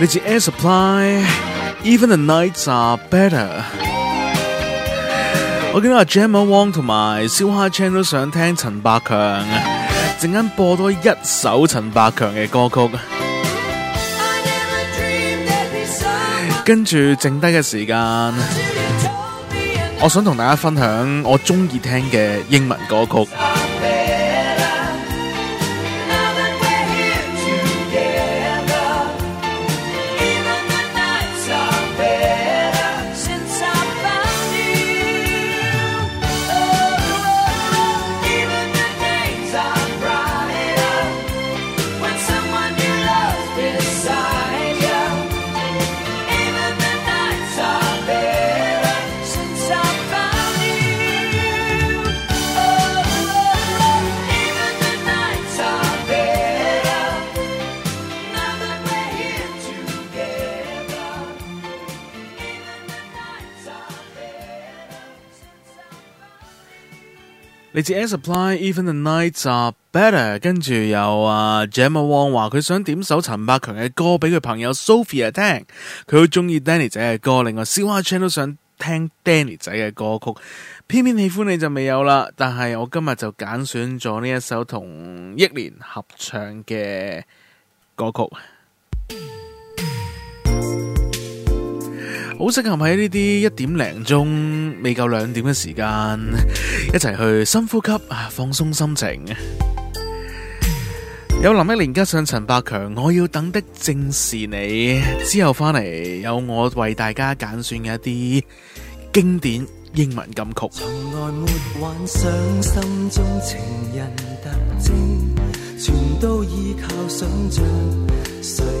你似 Air Supply, Even the Nights Are Better。我見到阿 Gemma Wong 同埋燒蝦 channel 都想聽陳百強啊陣間播多一首陳百強嘅歌曲，跟住剩低嘅時間，我想同大家分享我中意聽嘅英文歌曲。Air Supply，Even the Nights Are Better。跟住又啊，Jammy Wong 話佢想點首陳百強嘅歌俾佢朋友 Sophia 聽，佢好中意 Danny 仔嘅歌。另外，小阿 Chan 都想聽 Danny 仔嘅歌曲，偏偏喜歡你就未有啦。但係我今日就揀選咗呢一首同憶蓮合唱嘅歌曲。好適合喺呢啲一點零鐘，未夠兩點嘅時間，一齊去深呼吸啊，放鬆心情。有林憶蓮加上陳百強，我要等的正是你。之後返嚟，有我為大家揀選嘅一啲經典英文金曲。從來沒幻想，心中情人特徵，全都依靠想象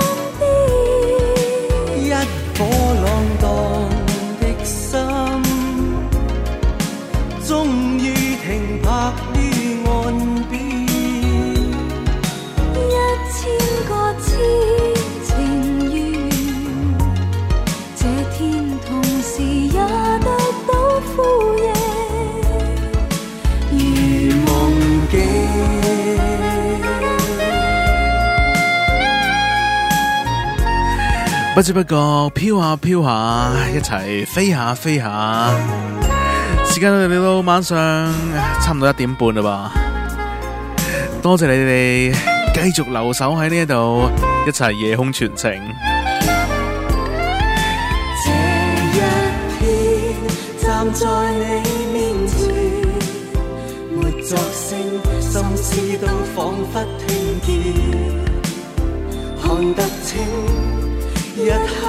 不只不過飄下飄下，一齊飛下飛下。時間嚟到晚上，差唔多一點半啦噃。多謝你哋繼續留守喺呢一度，一齊夜空傳情。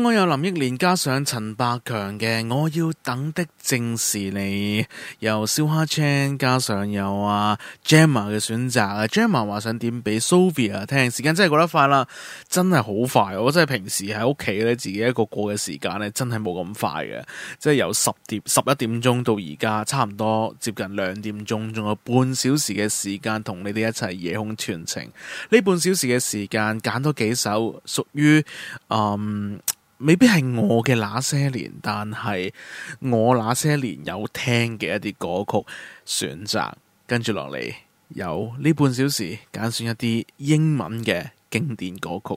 啱啱有林憶蓮加上陳百強嘅《我要等的正是你》，由燒蝦 chan 加上有啊 Jamma 嘅選擇，Jamma 話想點俾 Sovia 聽，時間真係過得快啦，真係好快，我真係平時喺屋企咧自己一個過嘅時間咧，真係冇咁快嘅，即係由十點十一點鐘到而家差唔多接近兩點鐘，仲有半小時嘅時間同你哋一齊夜空傳情，呢半小時嘅時間揀多幾首屬於嗯。未必係我嘅那些年，但係我那些年有聽嘅一啲歌曲選擇，跟住落嚟，有呢半小時揀選一啲英文嘅經典歌曲。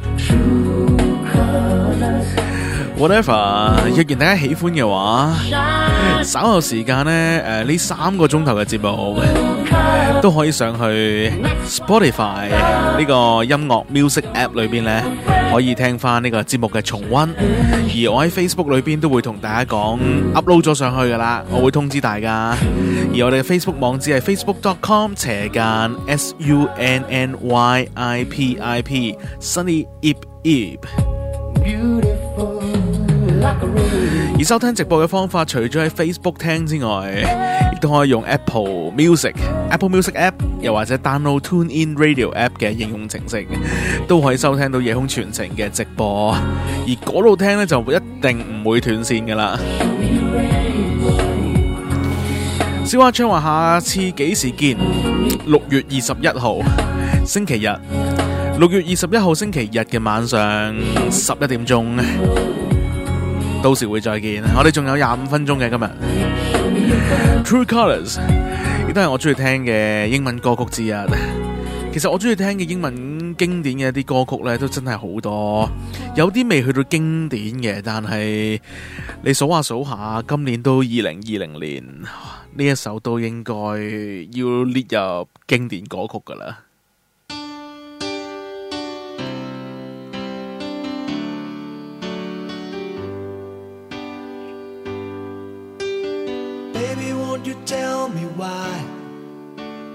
whatever，若然大家喜歡嘅話，稍後時間呢，誒、呃、呢三個鐘頭嘅節目，呃、都可以上去 Spotify 呢個音樂 music app 裏邊呢，可以聽翻呢個節目嘅重溫。而我喺 Facebook 裏邊都會同大家講 upload 咗上去噶啦，我會通知大家。而我哋嘅 Facebook 網址係 facebook.com 斜間 SUNNYIPIP Sunny Ip Ip 而收聽直播嘅方法，除咗喺 Facebook 聽之外，亦都可以用 Apple Music、Apple Music App，又或者 download Tune In Radio App 嘅應用程式，都可以收聽到夜空傳情嘅直播。而嗰度聽呢，就一定唔會斷線噶啦。 小阿窗話：下次幾時見？六月二十一號星期日，六月二十一號星期日嘅晚上十一點鐘。到時會再見，我哋仲有廿五分鐘嘅今日。True Colors 亦都係我中意聽嘅英文歌曲之一。其實我中意聽嘅英文經典嘅一啲歌曲咧，都真係好多。有啲未去到經典嘅，但係你數下數下，今年都二零二零年，呢一首都應該要列入經典歌曲㗎喇。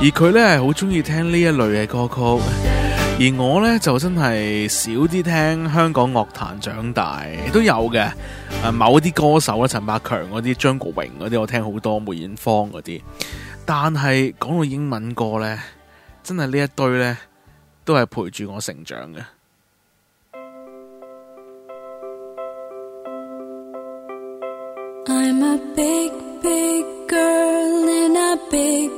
而佢呢係好中意聽呢一類嘅歌曲，而我呢就真係少啲聽香港樂壇長大都有嘅，某啲歌手咧，陳百強嗰啲，張國榮嗰啲，我聽好多，梅艷芳嗰啲，但係講到英文歌呢，真係呢一堆呢，都係陪住我成長嘅。I'm a big, big girl, in a big...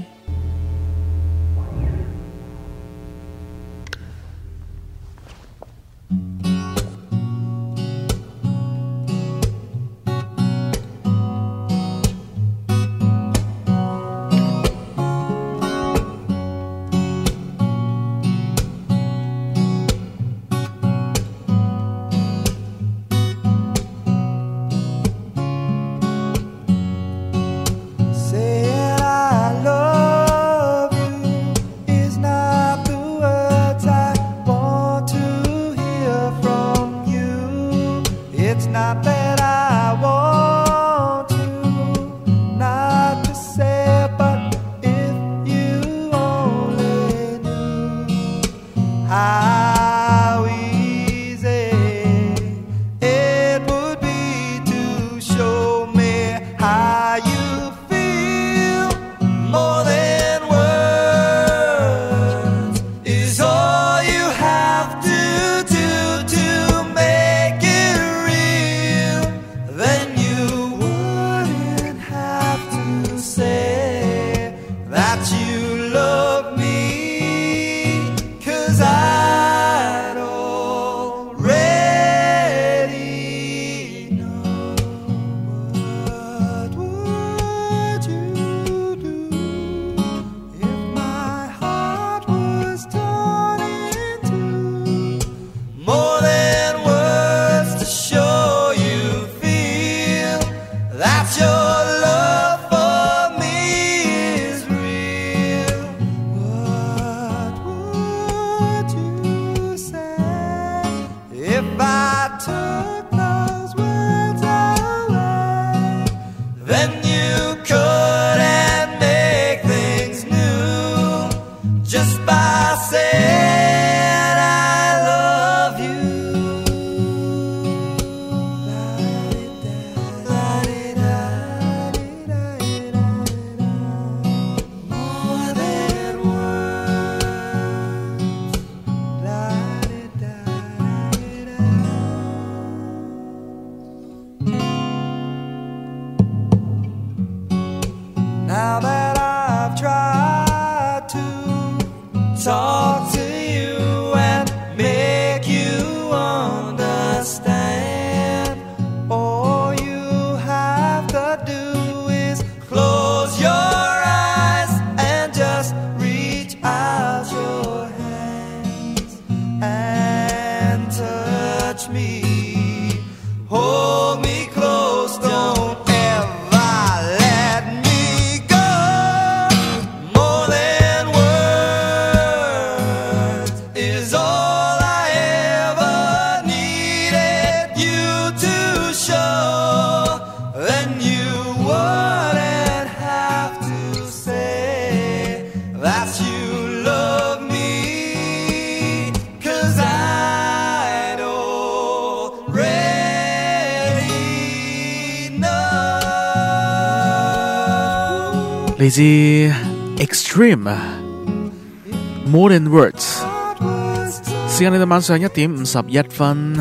時間你到晚上一點五十一分，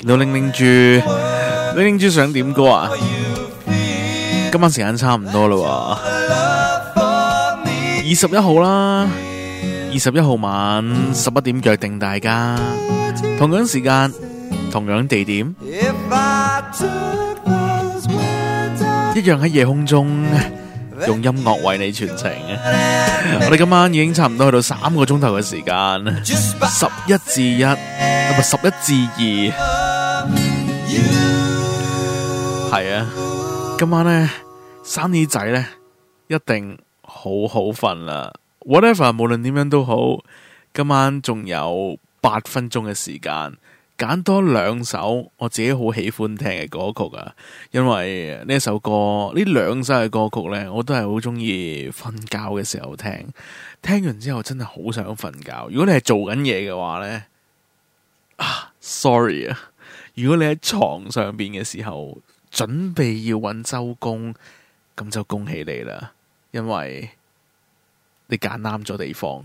見到玲玲豬，玲玲豬想點歌啊？今晚時間差唔多啦，二十一號啦，二十一號晚十一點約定大家，同樣時間，同樣地點，一樣喺夜空中。用音樂為你傳情。 我哋今晚已經差唔多去到三個鐘頭嘅時間，十一至一唔係、啊、十一至二，係啊。今晚咧，生意仔咧一定好好瞓啦。Whatever，無論點樣都好，今晚仲有八分鐘嘅時間。揀多兩首我自己好喜歡聽嘅歌曲啊，因為呢首歌呢兩首嘅歌曲呢，我都係好鍾意瞓覺嘅時候聽，聽完之後真係好想瞓覺。如果你係做緊嘢嘅話呢，啊，sorry 啊！如果你喺床上邊嘅時候準備要揾周公，咁就恭喜你啦，因為你揀啱咗地方。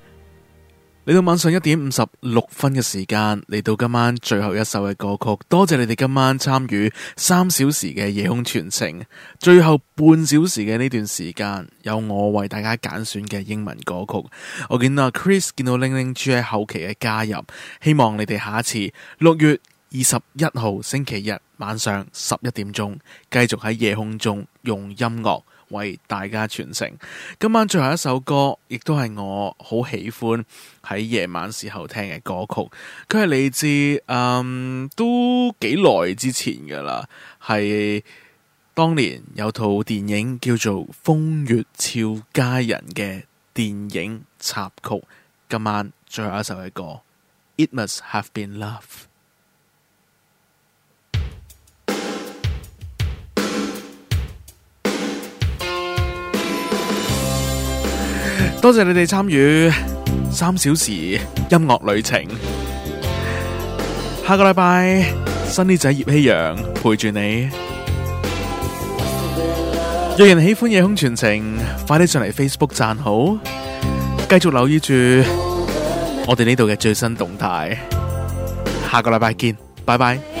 嚟到晚上一點五十六分嘅時間，嚟到今晚最後一首嘅歌曲，多謝你哋今晚參與三小時嘅夜空傳情，最後半小時嘅呢段時間，有我為大家揀選嘅英文歌曲。我見到 Chris 見到令令豬喺後期嘅加入，希望你哋下一次六月二十一號星期日晚上十一點鐘，繼續喺夜空中用音樂，為大家傳承。今晚最後一首歌，亦都係我好喜歡喺夜晚時候聽嘅歌曲。佢係嚟自嗯、um，都幾耐之前噶啦，係當年有套電影叫做《風月俏佳人》嘅電影插曲。今晚最後一首嘅歌，It Must Have Been Love。多謝你哋參與三小時音樂旅程。下個禮拜新啲仔葉希陽陪住你，若人喜歡夜空傳情，快啲上嚟 Facebook 讚好，繼續留意住我哋呢度嘅最新動態。下個禮拜見，拜拜。